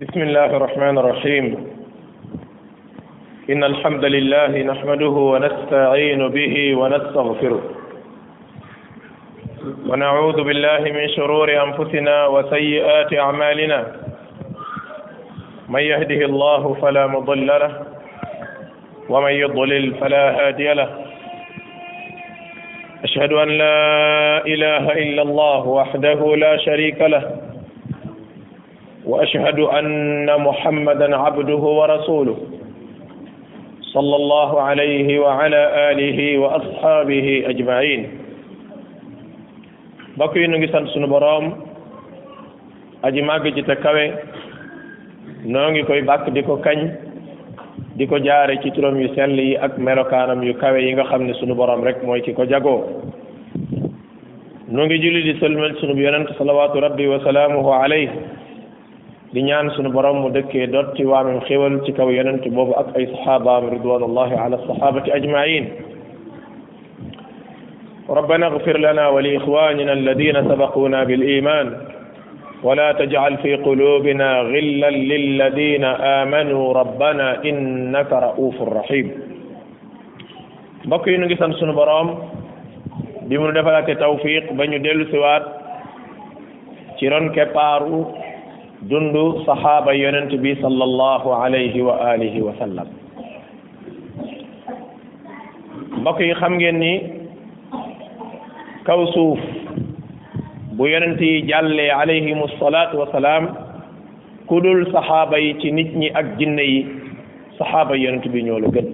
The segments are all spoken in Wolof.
بسم الله الرحمن الرحيم إن الحمد لله نحمده ونستعين به ونستغفره ونعوذ بالله من شرور أنفسنا وسيئات أعمالنا من يهده الله فلا مضل له ومن يضلل فلا هادي له أشهد أن لا إله إلا الله وحده لا شريك له واشهد ان محمدا عبده ورسوله صلى الله عليه وعلى اله واصحابه اجمعين بكي نغي سان سونو بروم aji màgg ji te kawe noo ngi koy bàkk di ko kañ di ko jaare ci turam yu sell yi ak melokaanam yu kawe yi nga xam ne sunu borom rek mooy ki ko jagoo noo ngi julli di sëlmal sunu yonent salawaatu rabbi wa salaamuhu alayhi di ñaan sunu borom mu dëkkee dot ci waamim xéwal ci kaw yonent boobu ak ay saxaabaam ridwanullahi ala sahabati ajmain ربنا اغفر لنا ولإخواننا الذين سبقونا بالإيمان ولا تجعل في قلوبنا غلا للذين آمنوا ربنا إنك رؤوف رحيم بقي نجي سنسون برام بمن دفلات توفيق بني دل سوات ci ron keppaaru dundu saxaaba yonent bi sallallahu alayhi wa alihi wa sallam mbokk yi xam ngeen ni kaw suuf bu yonent yi jàllee alayhimu salaatu wa salaam ku dul saxaaba yi ci nit ñi ak jinne yi saxaaba yonent bi ñoo la gën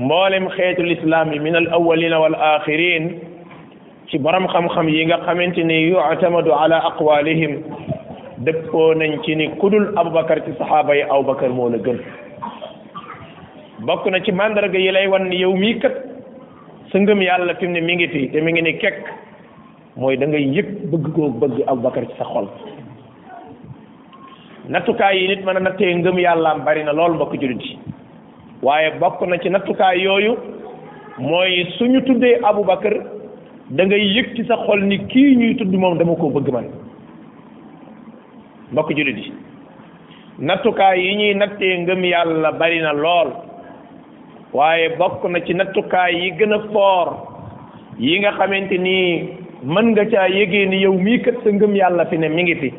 mboolem xeetu lislaam yi min al awalina wal axirin ci borom xam-xam yi nga xamante ne yu'tamadu ala nañ ci ni kudul abubakar ci saxaaba yi abubakar moo gën bokk na ci mandarga yi lay wan ni yow mii kat sa ngëm yàlla fi mu ne mi ngi fi te mi ngi ni kek mooy da ngay yëg bëgg koo bëgg abubakar ci sa xol nattukaay yi nit mën nattee ngëm yàlla bari na lool mbokk jullit yi waaye bokk na ci nattukaay yooyu mooy suñu tuddee abubakar dangay ngay yëg ci sa xol ni kii ñuy tudd moom dama ko bëgg man mbokk jullit yi nattukaay yi ñuy nattee ngëm yàlla bari na lool waaye bokk na ci nattukaay yi gën a foor yi nga xamante ni mën nga ca yégee ni yow mii kat sa ngëm yàlla fi ne mi ngi fi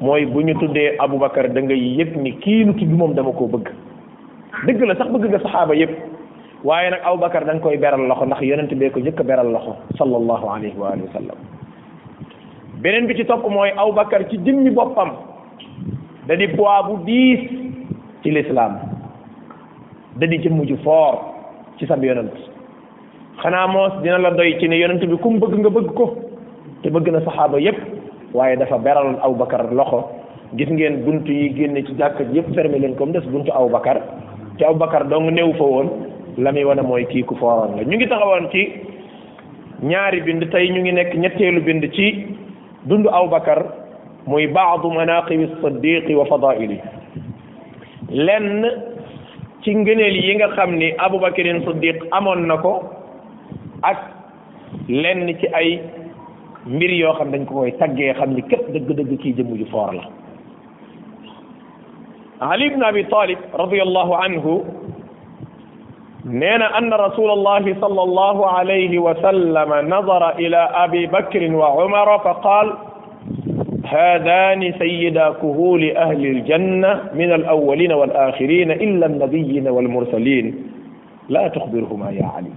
mooy bu ñu tuddee Aboubacar da ngay yëg ni kii nu tudd moom dama ko bëgg dëgg la sax bëgg nga saxaaba yëpp waaye nag Aboubacar dañ koy beral loxo ndax yonent bee ko njëkk beral loxo sallallahu alayhi wa alihi wa sallam beneen bi ci topp mooy Aboubacar ci jëmmi boppam da di poids bu diis ci lislaam da di jëmm ju foor ci sab yonent xanaa moos dina la doy ci ne yonent bi kum bëgg nga bëgg ko te bëgg na saxaaba yépp waaye dafa beral Aboubacar loxo gis ngeen bunt yi génne ci jàkka yépp fermé leen comme des buntu Aboubacar te Aboubacar dong newu fa woon la muy wane mooy kii ku fooroon la ñu ngi taxawan ci ñaari bind tey ñu ngi nekk ñetteelu bind ci dundu Abubakar muy baadu manaqibi siddiqi wa fadaili lenn ci ngëneel yi nga xam ni Abubakarin Siddiq amoon na ko ak lenn ci ay mbir yoo xam dañ ko koy taggee xam ni képp dëgg-dëgg kii jëmm ju la Ali ibn Abi Talib radiyallahu anhu نينا أن رسول الله صلى الله عليه وسلم نظر إلى أبي بكر وعمر فقال هذان سيدا كهول أهل الجنة من الأولين والآخرين إلا النبيين والمرسلين لا تخبرهما يا علي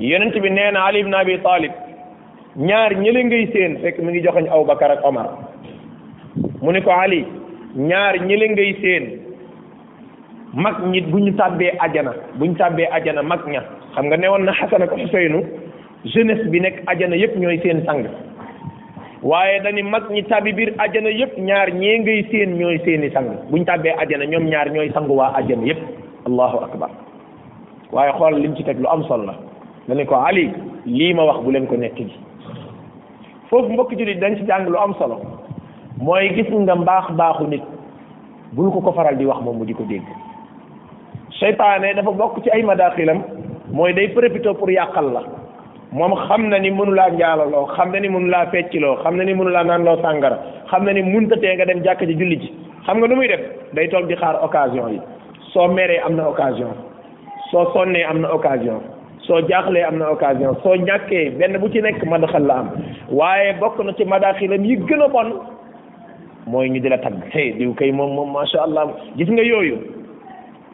ينتبه نينا علي بن أبي طالب ñaar ñi la ngay seen rek mi ngi joxañ aw علي ak omar mu mag ñi bu ñu tàbbee ajana bu ñu tàbbee ajana mag ña xam nga ne newoon na Xasan ak Xuseynu jeunesse bi nekk ajana yépp ñooy seen sang waaye dañu mag ñi tàbbi biir ajana yépp ñaar ñee ngay seen ñooy seeni sang bu ñu tàbbee ajana ñoom ñaar ñooy sangu waa ajana yépp allahu akbar waaye xool lim ci teg lu am solo la dañu ko Ali lii ma wax bu leen ko nekk gi foofu mbokk jullit dañ ci jàng lu am solo mooy gis nga mbaax baaxu nit bul ko ko faral di wax moom di ko dégg seytaane dafa bokk ci ay madaaxilam mooy day profité pour yàqal la moom xam na ni mënulaa njaalaloo xam na ni mënulaa fecciloo xam na ni mënulaa naanloo sàngara xam na ni munta tee nga dem jàkk ji julli ji xam nga nu muy def day toog di xaar occasion yi soo meree am na occasion soo sonnee am na occasion soo jaaxlee am na occasion soo ñàkkee benn bu ci nekk madaxal la am waaye bokk na ci madaaxilam yi gën a bon mooy ñu di la tagg hey diw kay moom moom macha allah gis nga yooyu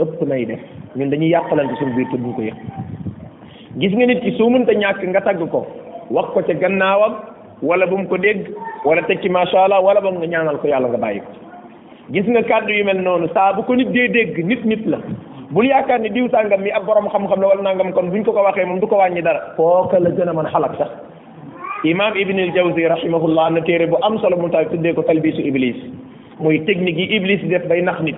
ëpp nay de ñun dañuy yàqalante suñu biir te duñ ko yëg gis nga nit ki soo mënta ñàkk nga tagg ko wax ko ca gannaawam wala bu mu ko dégg wala teg ci macha allah wala ba nga ñaanal ko yàlla nga bàyyi ko gis nga kàddu yu mel noonu saa bu ko nit dee dégg nit nit la bul yaakaar ni diw sàngam mi ab borom xam-xam la wala nangam kon buñ ko ko waxee moom du ko wàññi dara. kooka la gën a mën xalaat sax imaam Ibn al-Jawzi rahimahullah na téere bu am solo mu taal tuddee ko talbisu iblis. mooy technique yi iblis def bay nax nit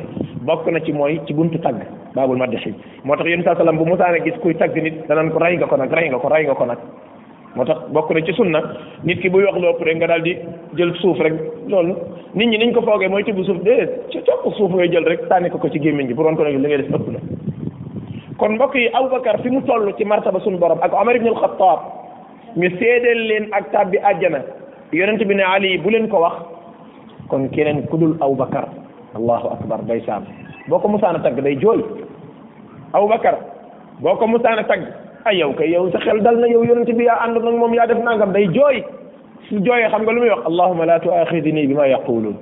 bokk na ci mooy ci buntu tagg baabul maddaxi moo tax yéen saa salaam bu musaana gis kuy tagg nit danañ ko ray nga ko nag ray nga ko ray nga ko nag moo tax bokk na ci sunna nit ki buy wax lopp rek nga daal di jël suuf rek loolu nit ñi niñ ko foogee mooy tibb suuf déedéet ci topp suuf nga jël rek sànni ko ko ci gémmiñ gi pour won ko ne li ngay def ëpp na kon mbokk yi Aboubacar fi mu toll ci martaba suñu borom ak Omar ibn al-Khattab leen ak tab bi àjjana yonent bi ne Ali bu leen ko wax kon keneen kudul Aboubacar allahu akbar day saam boo ko musaan a tagg day jooy Aboubacar boo ko musaan a tagg ay yow kay yow sa xel dal na yow yonente bi yaa ànd nag moom yaa def nangam day jooy su jooyee xam nga lu muy wax allahuma la tuaxidni bi ma yaquluun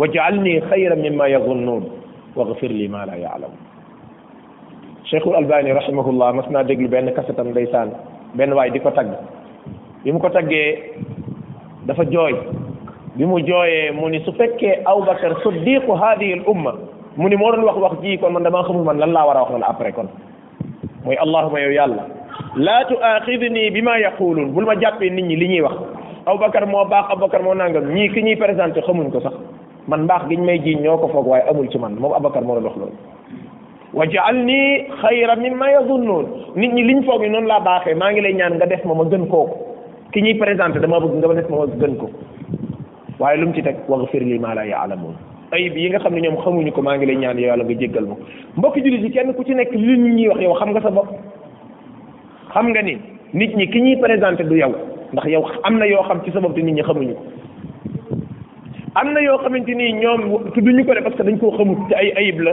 waj'alni xayran mimma yazunnuun waghfir li ma la yaalamun cheikhul albani rahimahullah mas naa déglu benn kasetam ndeysaan benn waay di ko tagg bi mu ko taggee dafa jooy bi mu jooyee mu ni su fekkee Aboubacar siddiqu hadihi al umma mu ni moo doon wax wax ji kon man damaa xamul man lan laa war a wax man après kon mooy allahuma yow yàlla laa tuaxidni bi ma yaquluun bul ma jàppee nit ñi li ñuy wax Aboubacar moo baax Aboubacar moo nangam ñii ki ñuy présenté xamuñ ko sax man mbaax giñ may jiiñ ñoo ko foog waaye amul ci man moom Aboubacar moo doon wax loolu wa ja'alni xayra mimma yadunnuun nit ñi liñ foog ni noonu laa baaxee maa ngi lay ñaan nga def ma ma gën kooku ki ñuy présenté dama bëgg nga def ma ma gën ko waaye lu mu ci teg waghfir li maa laa yaalamuun ayib yi nga xam ne ñoom xamuñu ko maa ngi lay ñaan yow yàlla nga jéggal ma mbokki jullit yi kenn ku ci nekk li nit ñi wax yow xam nga sa bopp xam nga ni nit ñi ki ñuy présenté du yow ndax yow am na yoo xam ci sa bopp te nit ñi xamuñu ko am na yoo xamante ni ñoom tudduñu ko de parce que dañ koo xamut ci ay ayib la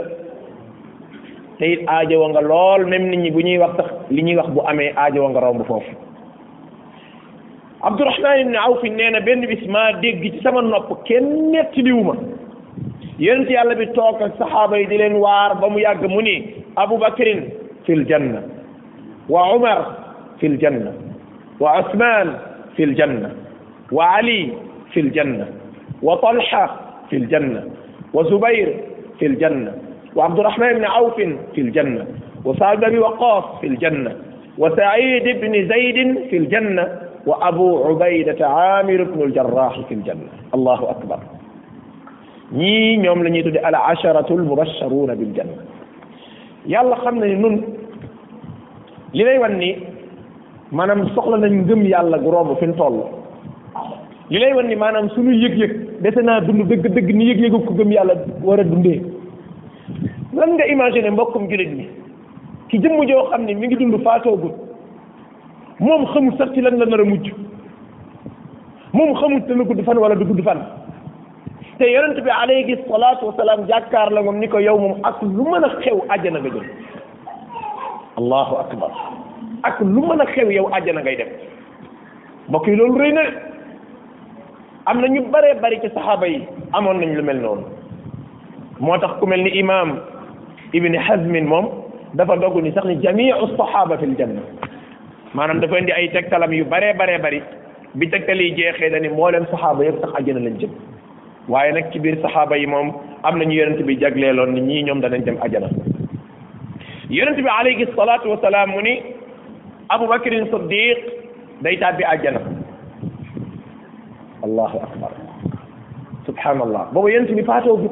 te it aajowa nga lool même nit ñi bu ñuy wax sax li ñuy wax bu amee aajowa nga romb foofu abdourahman ibne awfin nee na benn bis maa dégg ci sama nopp kenn nettaliwuma yonent yàlla bi toog ak saxaaba yi di leen waar ba mu yàgg mu ni abubakrin fi ljanna wa umar fi ljanna wa usman fi ljanna wa ali في الجنة وطلحة في الجنة وزبير في الجنة وعبد الرحمن بن عوف في الجنة وسعد بن وقاص في الجنة وسعيد بن زيد في الجنة wa abu ubaydata amir ibnu aljarrah fi ljanna allahu akbar ñii ñoom la ñuy tudde al asharatu almubasharuna bil janna yàlla xam na ni nun li lay wan ni maanaam soxla nañ ngëm yàlla gu romb fi ñu toll li lay wan ni maanaam suñu yëg-yëg dese naa dund dëgg dëgg ni yëg-yëgu ko gëm yàlla war a dundee lan nga imaginer mbokkum jullit mi ki jëmm joo xam ne mi ngi dund faatoogut moom xamul sax ci lan la nar a mujj moom xamul dana gudd fan wala du gudd fan te yonent bi alayhi salaatu wa salaam jàkkaar moom ni ko yow moom ak lu mën xew àjjana nga jëm lu mën a xew yow àjjana ngay dem mbokk yi loolu na am na ñu bare bëri ci saxaaba yi amoon nañ lu mel noonu moo tax ku mel ni imaam ibni hazmin moom dafa dogu ni sax ni jamiu saxaaba fil janna manam dafa indi ay tektalam yu bare bare bare bi tektali jeexé jeexee mo leen sahaba yëpp sax aljana lañ jëm waye nak ci biir sahaba yi mom amna ñu yëneent bi jaglé lon ni ñi ñom danañ jëm aljana yëneent bi alayhi salatu wasalaam mu ni abubakrin siddiq day tàbbi àjjana allahu akbar subhanallah booba yonent bi faatoo bu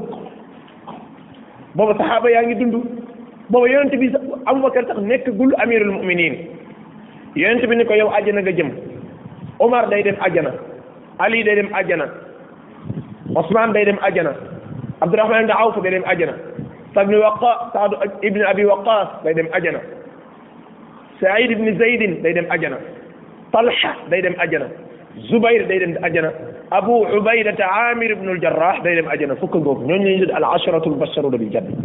booba saxaaba yaa ngi dund booba yonent bi abubakar sax nekkagul amirul muminin yonent bi ni ko yow àjjana nga jëm Omar day dem àjjana Ali day dem àjjana Osman day dem àjjana Abdurahman ibn Awf day dem àjjana Saad ibn Waqqas Saad ibn Abi Waqqas day dem àjjana Saïd ibn Zaydin day dem àjjana Talha day dem àjjana Zubayr day dem àjjana Abu Ubaydata Amir ibn al-Jarrah day dem àjjana fukk googu ñooñu la ñuy al asharatu al basharuna bil janna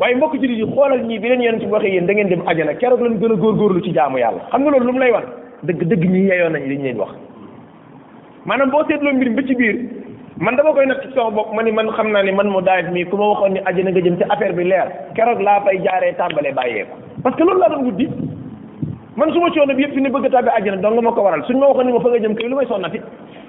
waaye mbokk jullit yi xoolal ñii bi leen yonent bi waxee yéen da ngeen dem ajana keroog lañ gën a góorgóorlu ci jaamu yàlla xam nga loolu lu mu lay wan dëgg dëgg ñi yeyoon nañ li ñu wax maanaam boo seetloo mbir mi ci biir man dama koy natt ci sama bopp ma ni man xam naa ne man mu daayit mii ku ma waxoon ni ajana nga jëm ci affaire bi leer keroog laa fay jaaree tàmbalee bàyyee ko parce que loolu laa doon guddi man su ma coono bi yëpp fi ne bëgg a tàbbi àjjana dong ma ko waral suñ ma waxoon ni ma fa nga jëm kay lu may sonnati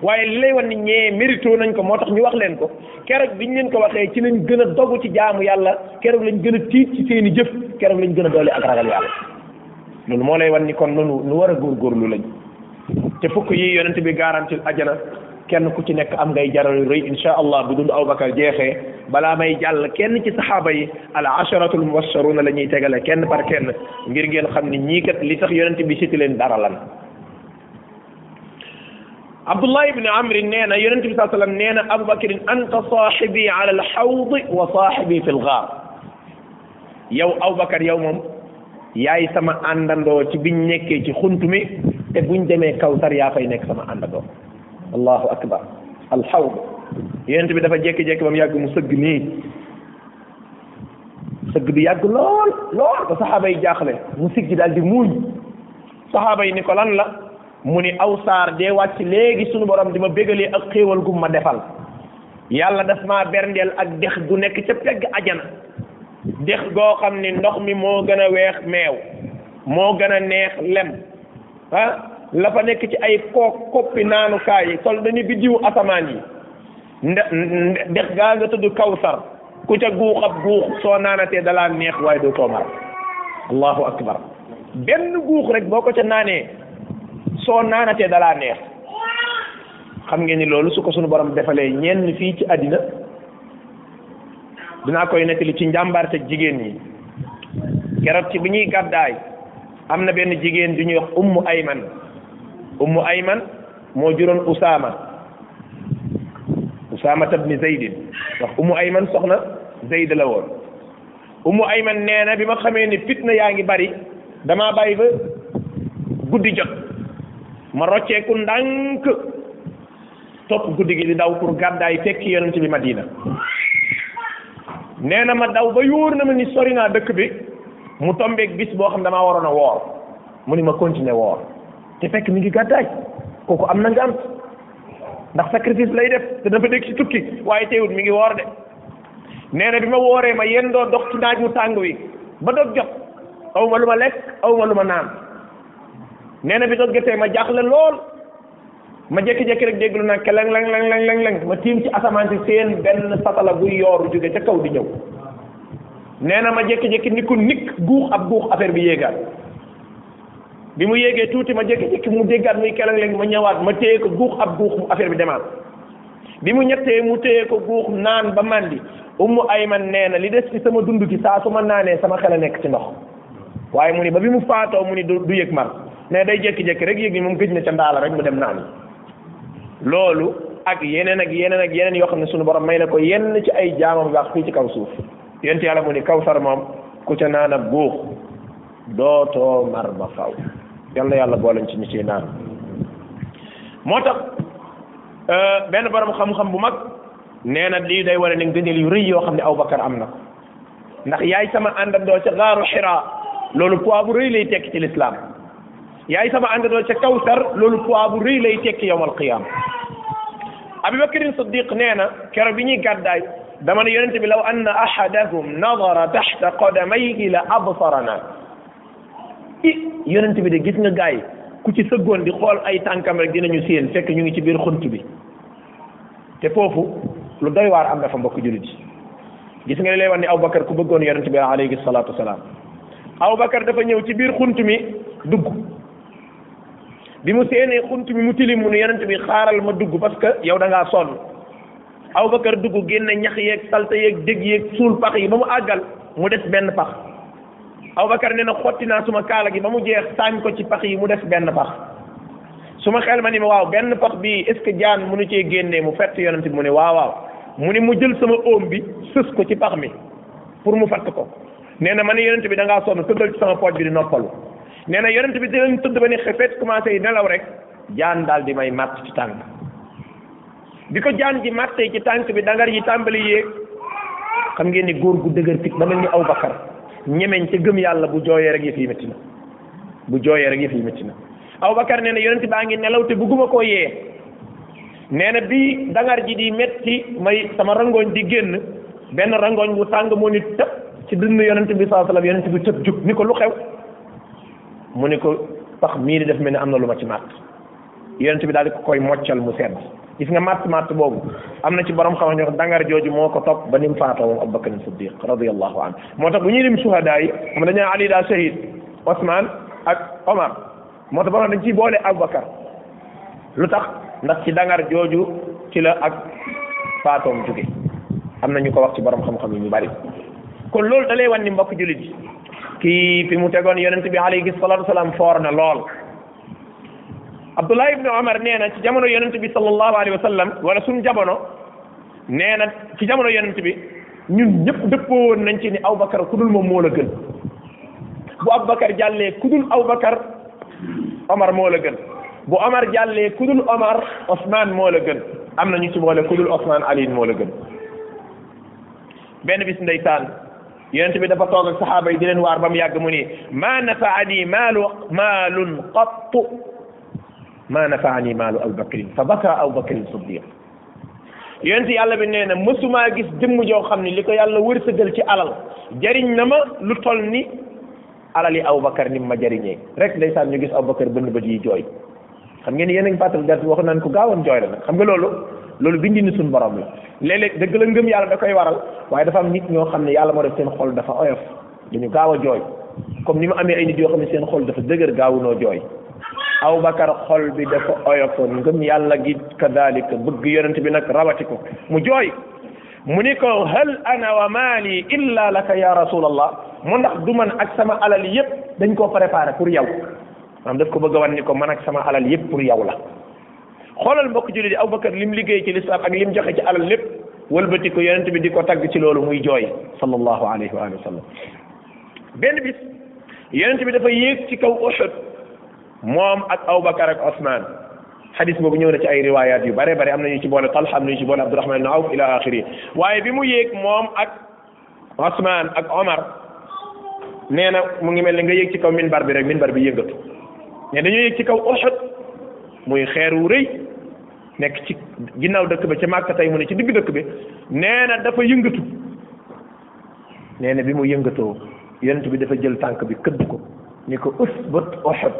waaye li lay wan ni ñee mérito nañ ko moo tax ñu wax leen ko keroog biñ leen ko waxee ci lañ gën a dogu ci jaamu yàlla keroog lañ gën a tiit ci seen i jëf keroog lañ gën a doole ak ragal yàlla loolu moo lay wan ni kon noonu nu war a góor góor góorgóorlu lañ te fukk yi yonent bi garanti ajana kenn ku ci nekk am ngay jaral yu rëy insha allah bi dund abubakar jeexee bala may jàll kenn ci sahaba yi al asharatul mubassaruna la ñuy tegale kenn par kenn ngir ngeen xam ni ñii kat li tax yonent bi siti leen dara lan abdullah ibn amr nee na yonent bi saa sallam nee na abubakar anta saaxibi ala al xawd wa saaxibi fi lgaar yow abubakar yow moom yaay sama àndandoo ci biñ nekkee ci xunt mi te buñ demee kawsar yaa fay nekk sama àndandoo allahu akbar alxawd yonent bi dafa jekki-jekki ba mu yàgg mu sëgg nii sëgg bi yàgg lool lool ba saxaaba yi jaaxle mu siggi daal di muuñ saxaaba yi ni ko lan la mu ni aw saar dee wàcc léegi sunu borom di ma bégalee ak xéewal gum ma defal yàlla daf ma berndeel ak dex gu nekk ca pegg ajana dex goo xam ni ndox mi moo gën a weex meew moo gën a neex lem ah la fa nekk ci ay koo koppi naanukaay yi sol dañu biddiwu asamaan yi nde dex gaa nga tudd kawsar ku ca guux ab guux soo naanatee dalaa neex waaye doo soo mar allahu akbar benn guux rek boo ko ca naanee soo naanatee dalaa neex xam ngeen ni loolu su ko sunu borom defalee ñenn fii ci àddina dinaa koy nettali ci njàmbaarte jigéen ñi keroog ci bi ñuy gàddaay am na benn jigéen du ñuy wax ay man ummu ayman moo juróon usaama usaama tabni zaydin ndax ummu ayman soxna zayd la woon ummu ayman nee na bi ma xamee ni fitna yaa ngi bari damaa bàyyi ba guddi jot ma rocceeku ndànk topp guddi gi di daw pour gàddaay fekki yonent bi madina nee na ma daw ba yóor na ma ni sori naa dëkk bi mu tombeeg bis boo xam damaa waroon a woor mu ni ma continuer woor te fekk mi ngi gàddaay kooku am na ngant ndax sacrifice lay def te dafa nekk ci tukki waaye teewul mi ngi woor de nee bi ma wooree ma yendoo dox ci naaj wu tàng wi ba dog jot aw ma lu ma lekk aw ma lu ma naan nee na bi dog jotee ma jaaxle lool ma jekki jékki rek déglu nag leng leng leng leng leng leng ma tiim ci asamaan si seen benn satala buy yooru jóge ca kaw di ñëw nee na ma jékki-jékki ni ku nikk guux ab guux affaire bi yéegaat bi mu yéegee tuuti ma jékki mu déggaat muy kelang léegi ma ñëwaat ma téye ko guux ab guux affaire bi demaat bi mu ñettee mu téye ko guux naan ba màndi ummu ayman nee na li des ci sama dund gi saa su ma naanee sama xel a nekk ci ndox waaye mu ni ba bi mu faatoo mu ni du du yëg mar mais day jékki rek yëg moom gëj na ca ndaala rek mu dem naan loolu ak yeneen ak yeneen ak yeneen yoo xam ne sunu borom may na ko yenn ci ay jaamam baax fii ci kaw suuf yent yàlla mu ni kaw sar moom ku ca naan ab guux yal na yàlla boolañ ci ñu ciy naan moo tax euh, benn borom xam bu mag nee na lii day wane ne yu rëy yoo xam ne Abubakar am na ko ndax yaay sama àndandoo ca gaaru Hira loolu poids bu lay tekki ci lislaam yaay sama àndandoo ca Kawsar loolu poids bu rëy lay tekki yawmal qiyaama Abubakarin Siddiq nee na keroog bi ñuy gàddaay dama ne bi law anna ahadahum nadara taxta qadamayhi la absarana i yonent bi de gis nga gaay ku ci sëggoon di xool ay tànkam rek dinañu séen fekk ñu ngi ci biir xunt bi te foofu lu doy waar am dafa mbokk jullit yi gis nga li lay wax ni Aboubacar ku bëggoon yonent bi alayhi salaatu wasalaam Aboubacar dafa ñëw ci biir xunt dugg bi mu séenee xunt mi mu tilim mu ne yonent xaaral ma dugg parce que yow da ngaa sonn Aboubacar dugg génne ñax yeeg salte yéeg dég yeeg suul pax yi ba mu àggal mu des benn pax Abubakar nee na xotti naa suma kaala gi ba mu jeex saañ ko ci pax yi mu def benn pax su ma xel ma ni ma waaw benn pax bi est ce mu jaan munu cee génnee mu fett yonent bi mu ne waaw waaw mu ne mu jël sama oom bi sës ko ci pax mi pour mu fatt ko nee na ma ne yonent bi da ngaa sonn tëddal ci sama pooj bi di noppalu nee na yonent bi dinañ tëdd ba ne xefeet commencé yi nelaw rek jaan daal di may màtt ci tànk bi ko jaan ji màttee ci tànk bi dangar yi tàmbali yéeg xam ngeen ni góor gu dëgër fit ba mel ni Abubakar ñemeñ ca gëm yàlla bu jooyee rek yëf yi métti na bu jooyee rek yëf yi métti na Abubakar nee na yonent baa ngi nelaw te bugguma koo yee nee na bii dangar ji di metti may sama rangooñ di génn benn rangooñ bu tàng moo ni tëb ci dund yonent bi sallallahu alayhi yonent bi tëb jug ni ko lu xew mu ni ko pax mii di def mel ni am na lu ma ci màtt yonent bi daal di ko koy moccal mu sedd gis nga matt matt boobu am na ci borom xam ne dangar jooju moo ko topp ba ni mu faatoo moom Abubakar Siddiq radiyallahu anhu moo tax bu ñuy lim suhadaa yi xam dañu Ali daa shahid Ousmane ak Omar moo tax ba dañ ciy boole Abubakar lu tax ndax ci dangar jooju ci la ak faatoom jóge am na ñu ko wax ci borom xam-xam ñu bari kon loolu da lay wan ni mbokk jullit yi kii fi mu tegoon yonent bi alayhi salaatu wasalaam foor na lool. abdullah ibni omar nee na ci jamono yonent bi sallallahu alayhi wa sallam wala suñ jamono nee na ci jamono yonent bi ñun ñëpp dëppoo woon nañ ci ni Aboubacar ku dul moom moo la gën bu Aboubacar jàllee ku dul Aboubacar Omar moo la gën bu Omar jàllee ku dul Omar Ousmane moo la gën am na ñu ci boole ku dul Ousmane Aliin moo la gën benn bis ndeysaan yonent bi dafa toog ak saxaaba yi di leen waar ba mu yàgg mu ni ma nafaani maalu maalun qattu ma nafaani maalu abubakrin fa baka abubakrin siddiq yonent yàlla bi nee na mësumaa gis jëmm joo xam ne li ko yàlla wërsëgal ci alal jariñ na ma lu toll ni alal yi abubakar ni ma jariñee rek ndeysaan ñu gis abubakar bënn bët yi jooy xam ngeen yéen a ngi fàttali gerte wax naan ko gaawoon jooy la nag xam nga loolu loolu bindi ni suñ borom la léeg dëgg la ngëm yàlla da koy waral waaye dafa am nit ñoo xam ne yàlla moo def seen xol dafa oyof dañu gaaw a jooy comme ni mu amee ay nit yoo xam ne seen xol dafa dëgër gaawu noo jooy aw bakar xol bi dafa oyofoon ngëm yàlla gi kadalika bëgg yonent bi nag rawati ko mu jooy mu ni ko hal ana wa mali illa laka ya rasulallah mu ndax du man ak sama alal yépp dañ koo préparé pour yow maanaam daf ko bëgg a wan ni ko man ak sama alal yépp pour yow la xoolal mbokk julit yi abubakar lim liggéey ci lislaam ak lim joxe ci alal lépp wëlbati ko yonent bi di ko tagg ci loolu muy jooy sallallahu alayhi wa sallam benn bis yonent bi dafa yéeg ci kaw Uhud moom ak Abubakar ak Osman xadis boobu ñëw na ci ay riwaayaat yu bare bare am na ñu ci boole Talha am na ñu ci boole Abdurahman ibn Awf ila axiri waaye bi mu yéeg moom ak Osman ak Omar nee na mu ngi mel ni nga yéeg ci kaw bar bi rek bar bi yëngatu mais dañoo yéeg ci kaw Uhud muy xeer wu rëy nekk ci ginnaaw dëkk bi ci Màkka tey mu ne ci digg dëkk bi nee na dafa yëngatu nee bi mu yëngatoo. yonent bi dafa jël tànk bi këdd ko ni ko usbat uhud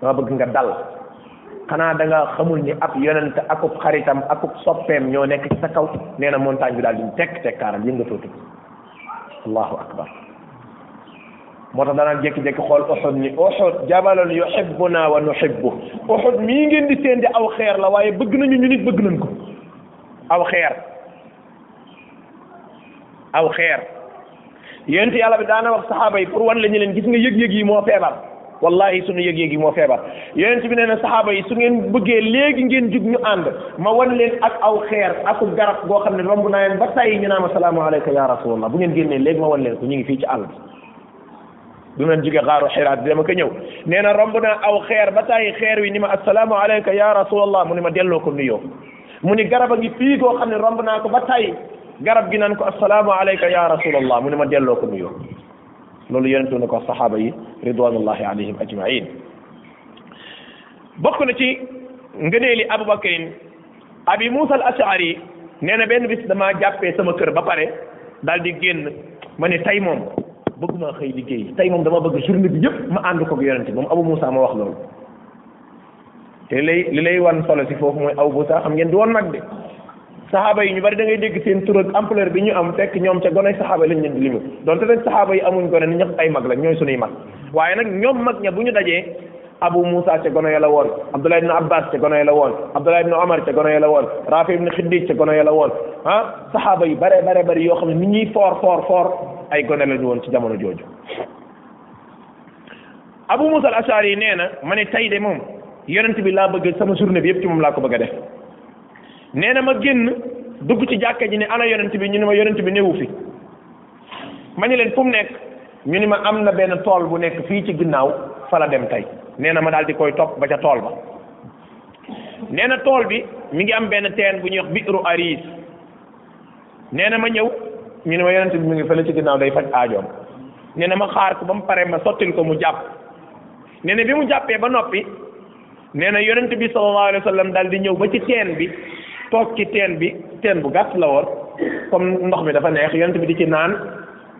dama bëgg nga dal xanaa danga xamul ni ab yonent akub xaritam akub soppeem ñoo nekk ci sa kaw nee na montagne bi daal di tekk tekkaaral yëngatootu allahu akbar moo tax danaan jékki-jékki xool uxud ni uxud jabalun yuhibbuna wa nuhibbu uxud ngeen di seen aw xeer la waaye bëgg nañu ñu nit bëgg nañ ko aw xeer aw xeer yonent yàlla bi daana wax saxaaba yi wan la ñu leen gis nga yëg-yëg yi moo feebar wallahi sunu yëg-yëg yi moo feebar yonent bi nee na saxaaba yi su ngeen bëggee léegi ngeen jug ñu ànd ma wan leen ak aw xeer aku garab goo xam ne romb naa leen ba tàyyi ñu naan asalaamaaleyka ya rasulallah bu ngeen génnee léegi ma wan leen ko ñu ngi fii ci àll bi du ngeen jóge xaaru xiraat bi dama ko ñëw nee na romb naa aw xeer ba tayi xeer wi ni ma asalaamaaleyka ya rasulallah mu ni ma delloo ko nuyoo mu ni garab a ngi xam ne romb naa ko ba tàyyi garab gi naan ko assalaamu alayka ya rasulallah mu ne ma delloo ko nuyoo loolu yonentu ne ko saxaaba yi ridwanullahi alayhim ajmain bokk na ci ngëneeli abubakarin abi musa al ashari nee na benn bis damaa jàppee sama kër ba pare daal di génn ma ne tey moom bëgguma xëy liggéey tey moom dama bëgg journée bi yëpp ma ànd ko yonente moom abu musa ma wax loolu li lay wan solo si foofu mooy abu musa xam ngeen di woon mag de saxaaba yi ñu bari da ngay dégg seen tur ak ampleur bi ñu am fekk ñoom ca gonay saxaaba lañ leen di limu donte nag saxaaba yi amuñ gone ay mag la ñooy sunuy mag waaye nag ñoom mag ña bu ñu dajee abu musa ca gono ya la woon abdullah ibn abbas ca gono ya la woon abdullah ibn omar ca gono ya la woon rafi ibn xiddiij ca gono ya la woon ah saxaaba yi bare bare bari yoo xam ne ni ñuy foor foor foor ay gone lañu woon ci jamono jooju abu musa al ashari nee na ma ne tey de moom yonent bi laa bëgg sama journée yëpp ci moom laa ko bëgg a def nee na ma génn dugg ci jàkka ji ne ana yonent bi ñu ne ma yonent bi newu fi ma ñu leen fu mu nekk ñu ni ma am na benn tool bu nekk fii ci ginnaaw fa la dem tey nee na ma daal di koy topp ba ca tool ba nee na tool bi mi ngi am benn teen bu ñuy wax ru ariis nee na ma ñëw ñu ne ma yonent bi mu ngi fa la ci ginnaaw day faj aajoom nee na ma xaar ko ba mu paree ma sottil ko mu jàpp nee na bi mu jàppee ba noppi nee na yonent bi sallallahu alayhi wa sallam daal di ñëw ba ci teen bi toog ci teen bi teen bu gàtt la woon comme ndox mi dafa neex yonent bi di ci naan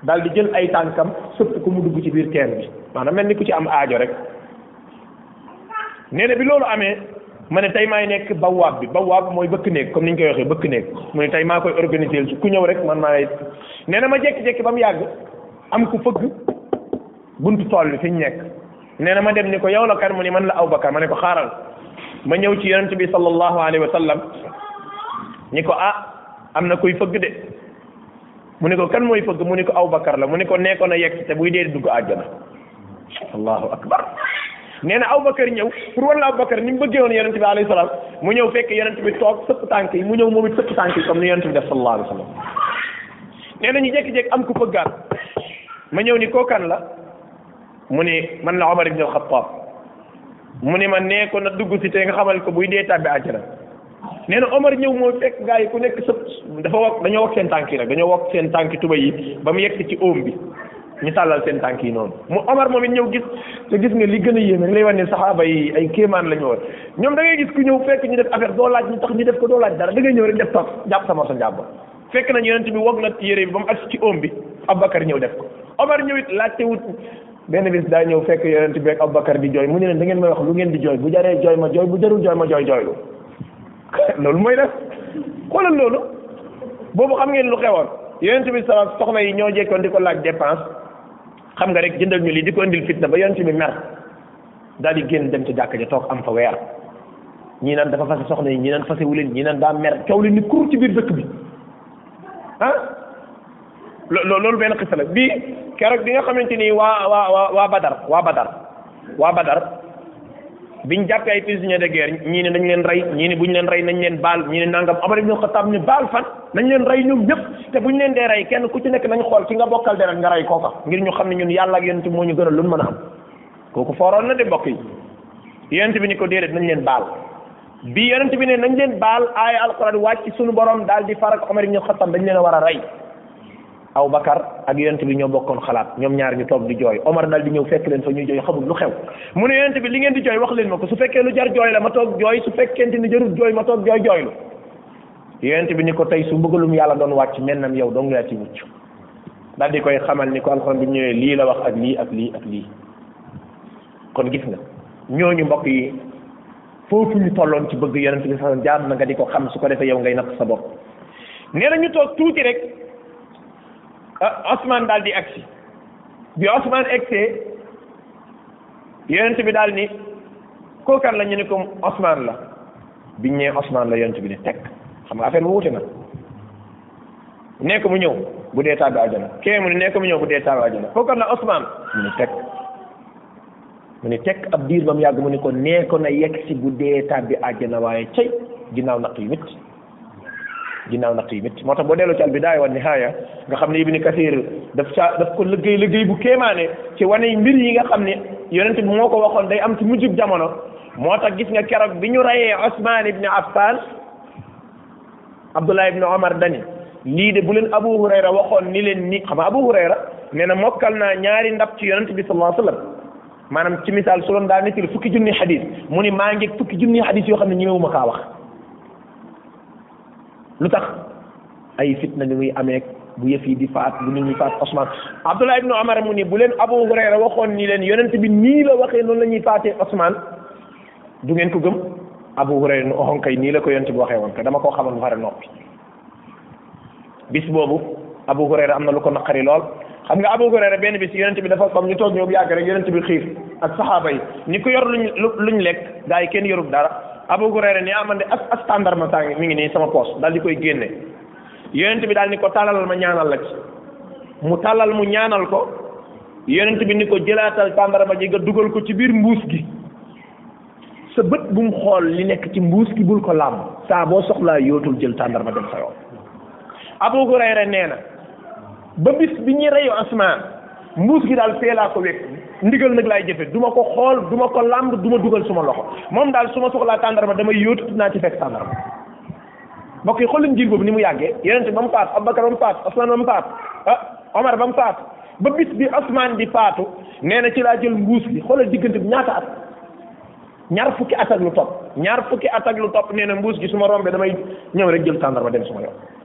daal di jël ay tànkam sëpp ku mu dugg ci biir teen bi maanaam mel ni ku ci am aajo rek nee bi loolu amee ma ne tey maay nekk bawaab bi bawaab mooy bëkk néeg comme ni ñu koy waxee bëkk néeg mu ne tey maa koy organiser ku ñëw rek man maa lay nee na ma jékki-jékki ba mu yàgg am ku fëgg buntu tool bi fi ñu nekk nee na ma dem ni ko yow la kan mu ni man la aw Abubakar ma ne ko xaaral ma ñëw ci yonent bi sallallahu alayhi wa sallam ñi ko ah am na koy fëgg de mu ne ko kan mooy fëgg mu ne ko Abubakar la mu ne ko nekkoon a yegg te buy dee dugg àjjana allahu akbar nee na Abubakar ñëw pour walla Abubakar ni mu bëggee woon yonent bi alayhi salaam mu ñëw fekk yonent bi toog sëpp tànk yi mu ñëw moom it sëpp tànk yi comme ni yonent bi def sallallahu alayhi wasallam nee na ñu jékki-jékki am ku fëggaat ma ñëw ni kookan la mu ne man la Omar ibn al-Khattab mu ne ma nee ko na dugg si te nga xamal ko buy dee tàbbi àjjana nee na Omar ñëw mooy fekk gars yi ku nekk sëpp dafa wokk dañoo wokk seen tànk yi nag dañoo wokk seen tànk tuba yi ba mu yegg ci óom bi ñu tàllal tànk yi noonu mu Omar moom it ñëw gis te gis nga li gën a yéeme rek lay wax ne saxaaba yi ay kéemaan la ñu woon ñoom da ngay gis ku ñëw fekk ñu def affaire doo laaj ñu tax ñu def ko doo laaj dara da ngay ñëw rek def tax jàpp sama sa njàpp fekk nañ yonent bi wog na yére bi ba mu agsi ci óom bi Abubakar ñëw def ko Omar ñëw it laajte wut benn bis daa ñëw fekk yonent bi ak Abubakar ngeen may wax lu ngeen di jooy bu jaree jooy ma jooy bu jarul jooy loolu mooy def xoolal loolu boobu xam ngeen lu xewoon yonent bi salaam soxna yi ñoo jekkoon di ko laaj dépense xam nga rek jëndal ñu lii di ko indil fitna ba yonent bi mer daal di génn dem ci jàkka ja toog am fa weer ñii naan dafa fase soxna yi ñii naan fase wuleen ñii naan daa mer coow li ni kur ci biir dëkk bi ah loolu benn xisa la bii keroog bi nga xamante ni waa waa waa Badar waa Badar waa Badar bi biñ jàppee ay prisonniers de guerre ñii ne nañ leen rey ñii ne buñ leen rey nañ leen baal ñii ne nangam Omar ibn Khattab ne baal fan nañ leen rey ñoom ñëpp te buñ leen dee rey kenn ku ci nekk nañu xool ki nga bokkal deret nga rey kooka ngir ñu xam ne ñun yàlla ak yonent moo ñu gënal lu mën a am kooku fooroon na de mbokk yi yonent bi ni ko déedéet nañ leen baal bi yonent bi ne nañ leen baal aaya alquran wàcc suñu borom daal di farak Omar ibn Khattab dañ leen war a rey aw bakar ak yonent bi ñoo bokkoon xalaat ñoom ñaar ñu toog di jooy Omar dal di ñëw fekk leen fa ñuy jooy xamul lu xew mu ne yonent bi li ngeen di jooy wax leen ma ko su fekkee lu jar jooy la ma toog jooy su fekkente ni jarul jooy ma toog jooy jooylu yonent bi ni ko tey su mbëggalum yàlla doon wàcc mennam yow dong laa ci mucc daal di koy xamal ni ko alxuraan bi ñëwee lii la wax ak lii ak lii ak lii kon gis nga ñooñu mbokk yi foofu ñu tolloon ci bëgg yonent bi sax jaar na nga di ko xam su ko defee yow ngay natt sa bopp Ah, Ousmane daal di agsi bi Ousmane agsee yonent bi daal ni kookan la ñu ne ko Ousmane la biñ ñee Ousmane la yonent bi ne teg xam nga affaire bu wuute na nekk mu ñëw bu dee tàbbi àjjana kee mu ne nekk mu ñëw bu dee tàbbi àjjana kookan la Ousmane mu ne teg mu ne teg ab diir ba yàgg mu ne ko nee ko na yegg si bu dee tàbbi àjjana waaye cay ginnaaw naq yu métti ginnaaw natt moo tax boo delloo ci albidaaya wa nihaaya nga xam ne ibni kasir daf ca daf ko liggéey liggéey bu kéemaane ci wane mbir yi nga xam ne yonent bi moo ko waxoon day am ci mujjub jamono moo tax gis nga keroog bi ñu rayee Ousmane ibni Affan Abdullah ibni Omar dani lii de bu leen Abu Hurayra waxoon ni leen ni xam nga Abu Hurayra nee na mokkal naa ñaari ndab ci yonent bi sallallahu alayhi wa ci misaal su doon daa nettali fukki junni xadis mu ni maa ngi fukki junni xadis yoo xam ne ñemewuma kaa wax lu tax ay fitna ni muy amee bu yëf yi di faat bu nit ñi faat Osman Abdullah ibnu Omar mu ni bu leen Abu Hurayra waxoon nii leen yonent bi nii la waxee noonu la ñuy faatee Osman du ngeen ko gëm Abu Hurayra nu oxon nii la ko yonent bi waxee woon ko dama koo xamal ba pare noppi bis boobu Abu Hurayra am na lu ko naqari lool xam nga Abu Hurayra benn bis yonent bi dafa bam ñu toog ñëw yàgg rek yonent bi xiif ak saxaaba yi ni ko yor lu luñ lekk gaa yi kenn yorub dara Abu Hurayra ni ah man de as as tàndar ma ngi mi ngi nii sama poos daal di koy génne yonent bi dal ni ko tàllal ma ñaanal la ci mu tàllal mu ñaanal ko yonent bi ni ko jëlaatal tàndarma ji nga dugal ko ci biir mbuus gi sa bët bu xool li nekk ci mbuus gi bul ko làmb saa boo soxlaa yootul jël tàndarma dem sa yoon Abu Hurayra nee na ba bis bi ñuy reyu Asmaan mbuus gi daal fee laa ko wekk ndigal nag laay jëfe du ma ko xool duma ko làmb du ma dugal suma loxo moom daal suma ma soxlaa tàndarma damay yóotu naa ci fekk tàndarma mbokk yi xool leen jiir boobu ni mu yàggee yonente ba mu faat Abubakar ba mu faat Osman ba mu faat ah Omar ba mu faat ba bis bi Osman di faatu nee na ci laa jël mbuus gi xoolal diggante bi ñaata at ñaar fukki at ak lu topp ñaar fukki at ak lu topp nee na mbuus gi suma ma rombee damay ñëw rek jël tàndarma dem suma yoon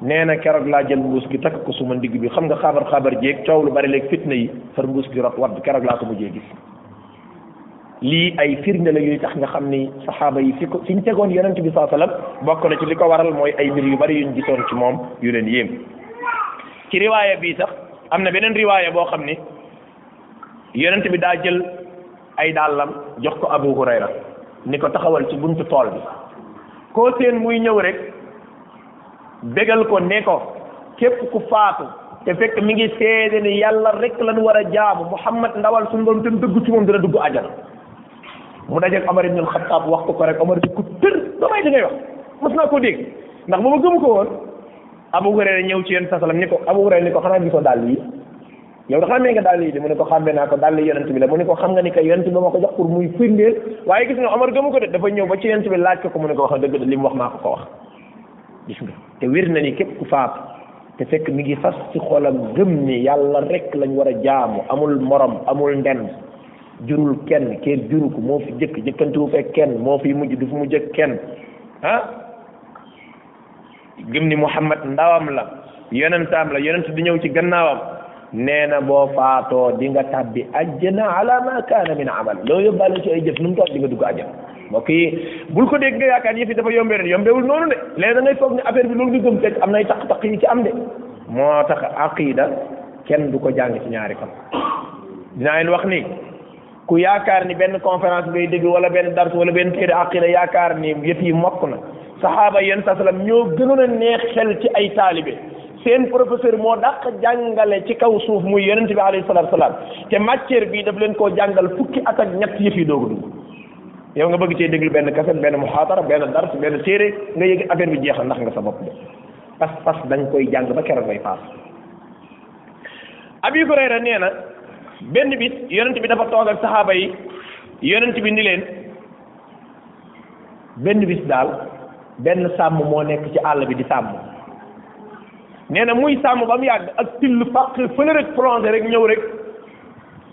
nee na keroog laa jël mbuus gi takk ko suma ndigg bi xam nga xabar xabar jéeg coow lu bari léeg fitna yi far mbuus gi rot wadd keroog laa ko mujjee gis lii ay firnde la yuy tax nga xam ni saxaaba yi fi ko fi ñu tegoon yonent bi saa sallam bokk na ci li ko waral mooy ay mbir yu bari yuñ gisoon ci moom yu leen yéem ci riwaaya bii sax am na beneen riwaaya boo xam ni yonent bi daa jël ay dàllam jox ko Abu Hurayra ni ko taxawal ci buntu tool bi koo seen muy bégal ko ne ko képp ku faatu te fekk mi ngi seede ni yàlla rek lañ war a jaamu Muhammad ndawal suñu borom te dëggu ci moom dina dugg àjjana mu dajeeg Omar ibn al-Khattab wax ko ko rek Omar di ko tër damay di ngay wax mos naa dégg ndax ba ma ko woon Abu Hurayra ñëw ci yonent sasalam ni ko Abu Hurayra ni ko xanaa gisoo dàll yi nga dàll yi di mu ne ko xàmmee naa ko dàll yonent bi la mu ne ko xam nga ni kay yonent bi ma ko jox pour muy nga Omar ko de dafa ñëw ba ci yonent bi laaj ko ko mu ne ko wax dëgg de wax maa ko ko wax gis te wér na ni képp ku faatu te fekk mi ngi fas ci xolam gëm ni yàlla rekk lañ war a jaamu amul morom amul ndend jurul kenn kenn juru ko moo fi jëkk jëkkantiwu fekk kenn moo fi mujj du fi mujj ak kenn ah gëm ni Muhammad ndawam la yonentaam la yeneen yonent di ñëw ci gannaawam nee na boo faatoo di nga tàbbi ajjana ala ma kaana min amal loo yóbbaale ci ay jëf nu mu toog di nga dugg ajjana mbokk yi bul ko dégg nga yaakaar yëf yi dafa yombee ren yombeewul noonu de léegi da ngay foog ne affaire bi loolu nga gëm fekk am nay taq-taq yi ci am de moo tax aqida kenn du ko jàng ci ñaari fan dinaa leen wax ni ku yaakaar ni benn conférence ngay dégg wala benn dars wala benn téere aqida yaakaar ni yëf yi mokk na saxaaba sa sasalam ñoo gënoon a neex xel ci ay taalibe seen professeur moo dàq jàngale ci kaw suuf muy yonente bi alayhi salatu salaam te matière bi daf leen koo jàngal fukki at ak ñett doogu yow nga bëgg cee déglu benn kaset benn muxaatara benn dars benn téere nga yëg affaire bi jeex ndax nga sa bopp de pas-pas dañ koy jàng ba keroog ngay paas abi hurayra nee na benn bis yonent bi dafa toog ak saxaaba yi yonent bi ni leen benn bis daal benn sàmm moo nekk ci àll bi di sàmm nee na muy sàmm ba mu yàgg ak till fàq fële rek plongé rek ñëw rek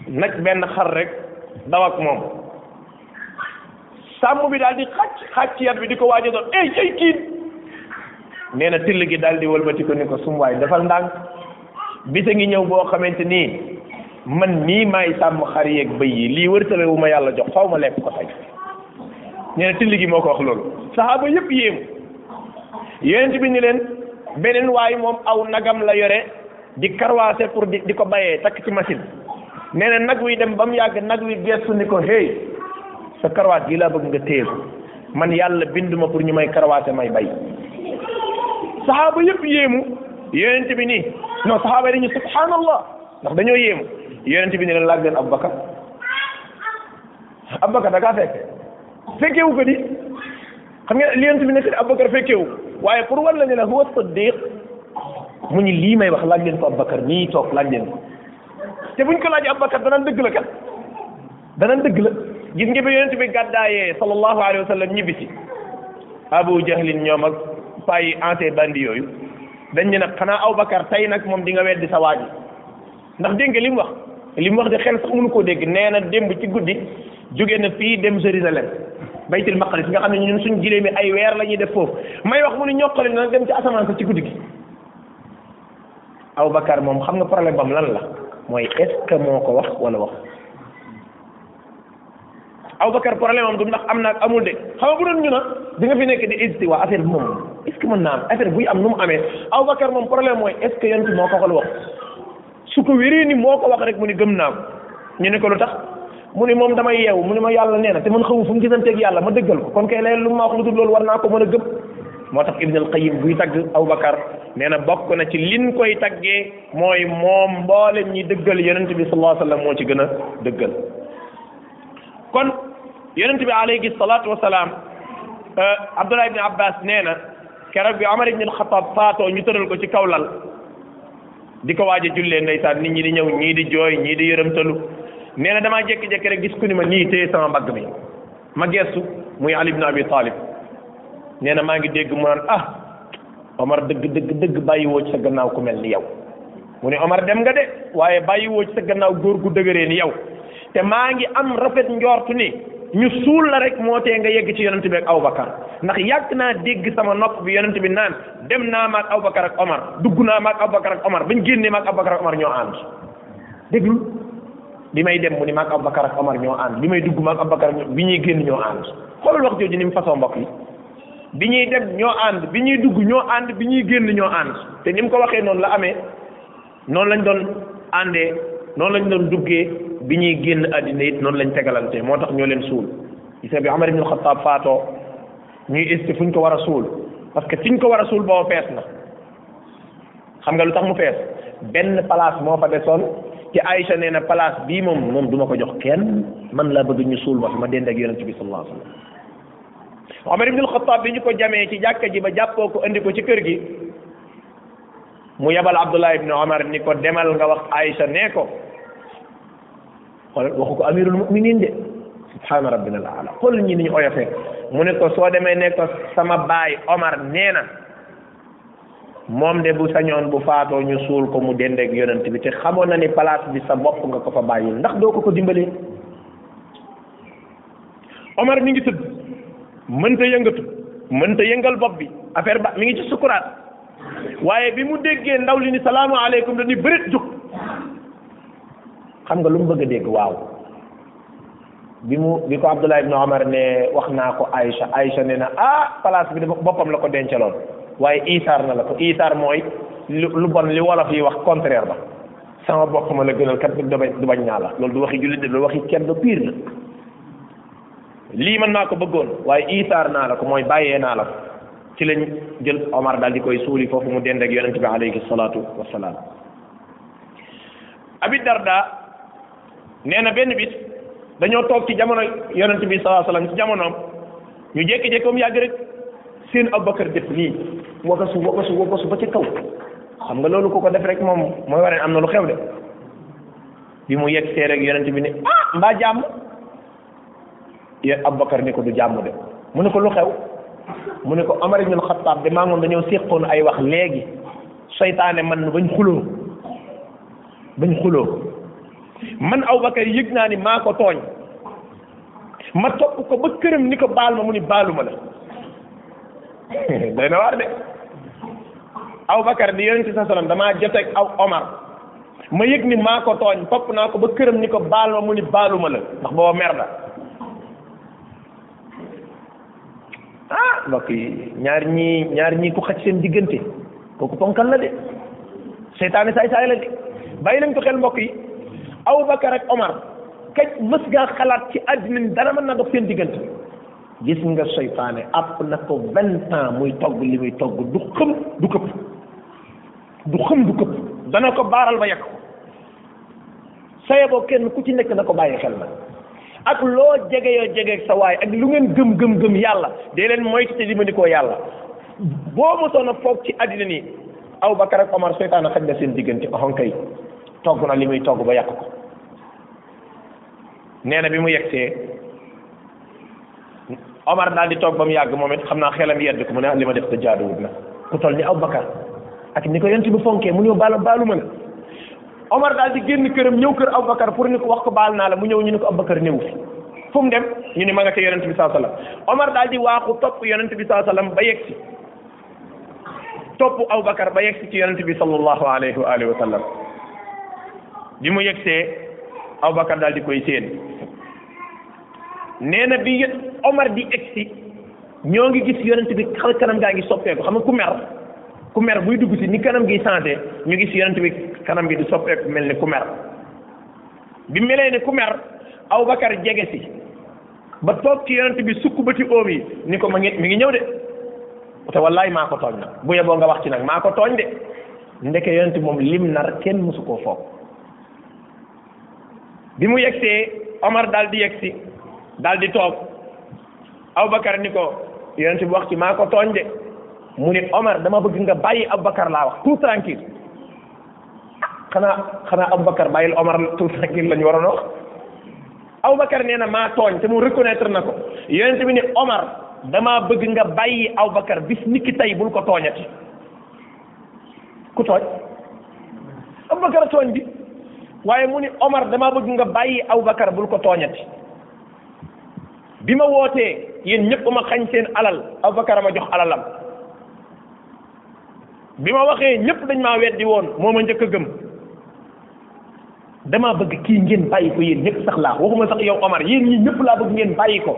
nag benn xar rek daw ak moom sàmm bi daal di xàcc xàcc yat bi di ko waajo doon ey ey kii na till gi daal di wëlbati ko ni ko sumuwaay dafal ndànk bisa ngi ñëw boo xamante nii man nii maay sàmm xar yeeg bëy yi lii wërtale wu ma yàlla jox xaw ma lekk ko tey nee till gi moo ko wax loolu saxaaba yëpp yéemu yonent bi ni leen beneen waay moom aw nagam la yore di karwaase pour di di ko bayee takk ci machine nee na nag wi dem ba mu yàgg nag wi gestu ni ko hey sa karawaat gi laa bëgg nga téye man yàlla binduma pour ñu may karawaate may bay saxaaba yëpp yéemu yonent bi nii non saxaaba yi dañu subhanallah ndax dañoo yéemu yonent bi ne leen laaj leen Abubakar Abubakar da kaa fekk fekkewu ko di xam nga yonent bi ne Abubakar fekkewu waaye pour wan la ne la huwa saddiq mu ñu lii may wax laaj leen ko Abubakar nii toog laaj leen ko te buñ ko laaj Abubakar danaan dëgg la kat danaan dëgg la gis nga ba yonent bi gàddaayee sallallahu alayhi wa sallam ñibbisi abu jahlin ñoom ak payi ancien bandi yooyu dañ ne nag xanaa Aboubacar tey nag moom di nga di sa waaji ndax dégg nga li mu wax li mu wax de xel sax mënu koo dégg nee na dem démb ci guddi jóge na fii dem Jérusalem baytul maqdis nga xam ne ñun suñ giléemi ay weer la ñuy def foofu may wax mu ne ñoqale na dem ci asamaan sax ci guddi gi Aboubacar moom xam nga problème bam lan la mooy est moo ko wax wala wax Aboubacar problème am du ndax am naag amul de xam bu nekk di hésité waa bi moom est naa am affaire buy am nu mu amee Aboubacar moom problème mooy est-ce que yonent moo ko xol wax su ko wéree ni moo ko wax rek mu ni gëm naa ko ñu ne ko lu tax mu ni moom damay yeewu mu ne ma yàlla nee na te man xamu fu mu gisanteeg yàlla ma dëggal ko kon kay lay lu ma wax lu dul loolu war naa ko mën a gëm moo tax Ibn al-Qayyim buy tagg Aboubacar nee na bokk na ci liñ koy taggee mooy moom mboolem ñi dëggal yonent bi sallallahu alayhi wa sallam moo ci gën a dëggal yonent bi alayhi salaatu wa salaam eh, Abdullah ibn nee na keroog bi Omar ibn al-Khattab faatoo ñu tëral ko ci kaw lal di ko waaj a jullee ndeysaan nit ñi di ñëw ñii di jooy ñii di yërëmtalu nee na damaa jékki-jékki rek gis ku ni ma nii téye sama mbagg mi ma gestu muy Ali ibn Abi Talib nee na maa ngi dégg mu naan ah Omar dëgg dëgg dëgg bàyyiwoo ci sa gannaaw ku mel ni yow mu ne Omar dem nga de waaye bàyyiwoo ci sa gannaaw góor gu dëgëree ni yow te maa ngi am rafet njortu ni. ñu suul la rek moo tee nga yegg ci yonent bi ak Abubakar ndax yàgg naa dégg sama nopp bi yonent bi naan dem naa maag Abubakar ak Omar dugg naa maag Abubakar ak Omar bañ génnee maag Abubakar ak Omar ñoo ànd déglu bi may dem mu ni maag Abubakar ak Omar ñoo ànd bi may dugg maag Abubakar bi ñuy génn ñoo ànd xoolal wax jooju ni mu façon mbokk yi bi ñuy dem ñoo ànd bi ñuy dugg ñoo ànd bi ñuy génn ñoo ànd te ni mu ko waxee noonu la amee noonu lañ doon àndee noonu lañ duggee bi ñuy génn àddina it noonu lañ tegalante moo tax ñoo leen suul gis bi Umar ibn Xattaab faatoo ñuy esti fu ñu ko war a suul parce que fi ñu ko war a suul boo fees na xam nga lu tax mu fees benn place moo fa sol ci Aïcha nee na place bii moom moom du ko jox kenn man laa bëgg ñu suul ma fi ma dend ak yonent bi sallallahu alayhi wa sallam Omar ibnul bi ñu ko jamee ci jàkka ji ba jàppoo ko andi ko ci kër gi mu yebal Abdullah ibn Omar ni ko demal nga wax Aïcha nee ko xoolal waxu ko amirul muminin de subhaana rabbil ala xool ñi ni ñu oyofee mu ne ko soo demee ne ko sama baay Omar nee na moom de bu sañoon bu faatoo ñu suul ko mu dendeeg yonent bi te xamoon na ni place bi sa bopp nga ko fa bàyyil ndax doo ko ko dimbalee Omar mi ngi tëdd mënta yëngatu mënta yëngal bopp bi affaire ba mi ngi ci sukuraat waaye bi mu déggee ndaw li ni salaamu aleykum dañuy bërit jóg xam nga lu mu bëgg a dégg waaw bi mu bi ko Abdullah ibn Omar ne wax naa ko Aïcha Aïcha ne na ah place bi dafa boppam la ko dencaloon waaye isaar na la ko isaar mooy lu bon li wolof yi wax contraire ba sama bopp ma la gënal kat du bañ naa la loolu du waxi jullit de du waxi kenn du piir la lii man maa ko bëggoon waaye isaar naa la ko mooy bàyyee naa la ko ci lañ jël Omar daal di koy suuli foofu mu dend ak yonent bi alayhi salaatu abi darda nee na benn bis dañoo toog ci jamono yonent bi sallallahu alayhi wasallam ci jamonoom ñu jékki-jékki mu yàgg rek seen Abubakar def nii wakasu wakasu wakasu ba ci kaw xam nga loolu ko ko def rek moom mooy wareen am na lu xew de bi mu yegg see rek bi ne ah mbaa jàmm Abubakar ne ko du jàmm de mu ne ko lu xew mu ne ko Omar ibn Khattab de maa ngoon dañoo séqoon ay wax léegi seytaane man bañ xuloo bañ xuloo man aw Aboubacar yëg naa ni maa ko tooñ ma topp ko ba këram ni ko baal ma mu ni baaluma la day na waar de Aboubacar di yonente sa salaam damaa joteeg aw Omar ma yëg ni maa ko tooñ topp naa ko ba këram ni ko baal ma mu ni baaluma la ndax booba mer la ah mbokk yi ñaar ñii ñaar ñii ku xaj seen diggante kooku ponkal la de seytaane saay saay la de bàyyi leen ko xel mbokk yi Aboubacar ak Omar kaj mës ngaa xalaat ci àddina ni dana mën naa dox seen diggante gis nga seytaane àpp na ko vingt ans muy togg li muy togg du xëm du këpp du xëm dana ko baaral ba yàq ko sayaboo kenn ku ci nekk na ko bàyyi xel na ak loo jege yoo jege sa waay ak lu ngeen gëm gëm gëm yàlla dee leen mooy te di yàlla boo mosoon a foog ci àddina nii Aboubacar ak Omar seytaane xaj na seen diggante oxon kay togg na li muy togg ba yàq ko nee na bi mu yegsee Omar daal di toog ba mu yàgg moom it xam naa xelam yedd ko mu ne ah li ma def te jaaduwut na ku toll ni Abubakar ak ni ko yonent bi fonkee mu ñëw baal baalu ma la Omar daal di génn këram ñëw kër Abubakar pour ni ko wax ko baal naa la mu ñëw ñu ne ko Abubakar néew fi fu dem ñu ni ma nga ca yonent bi saa sallam Omar daal di waaxu topp yonent bi saa sallam ba yegsi topp Abubakar ba yegsi ci yonent bi sallallahu alayhi wa mu yegsee Abubakar daal di koy séen nee na bi Omar di egsi ñoo ngi gis yonent bi xal kanam gaa ngi soppeeku xam nga ku mer buy dugg ci ni kanam gi changé ñu gis yonent bi kanam gi di soppeeku mel ni ku mer bi melee ni ku mer Abubakar jege si ba toog ci yonent bi sukk ba ci oom yi ni ko ma ngi mi ngi ñëw de te wallaay maa ko tooñ nag bu yeboo nga wax ci nag maa ko tooñ de ndeke yonent moom lim nar kenn mësu koo foog bi mu yegsee Omar daal di yegsi daal di toog Aboubacar ni ko yonent bu wax ci maa ko tooñ de mu ne Omar dama bëgg nga bàyyi Aboubacar laa wax tout tranquille xanaa xanaa Aboubacar bàyyil Omar tout tranquille la ñu waroon wax Aboubacar nee na maa tooñ te mu reconnaître na ko yonent bi ni Omar dama bëgg nga bàyyi Aboubacar bis niki tey bul ko tooñati ku tooñ a tooñ bi waaye mu ne Omar dama bëgg nga bàyyi Aboubacar bul ko tooñati bi ma wootee yéen ñëpp ma xañ seen alal Aboubacar ma jox alalam bi ma waxee ñépp dañ maa weddi woon moo ma njëkk a gëm damaa bëgg kii ngeen bàyyi ko yéen ñëpp sax laa waxuma sax yow Omar yéen ñi ñëpp laa bëgg ngeen bàyyi ko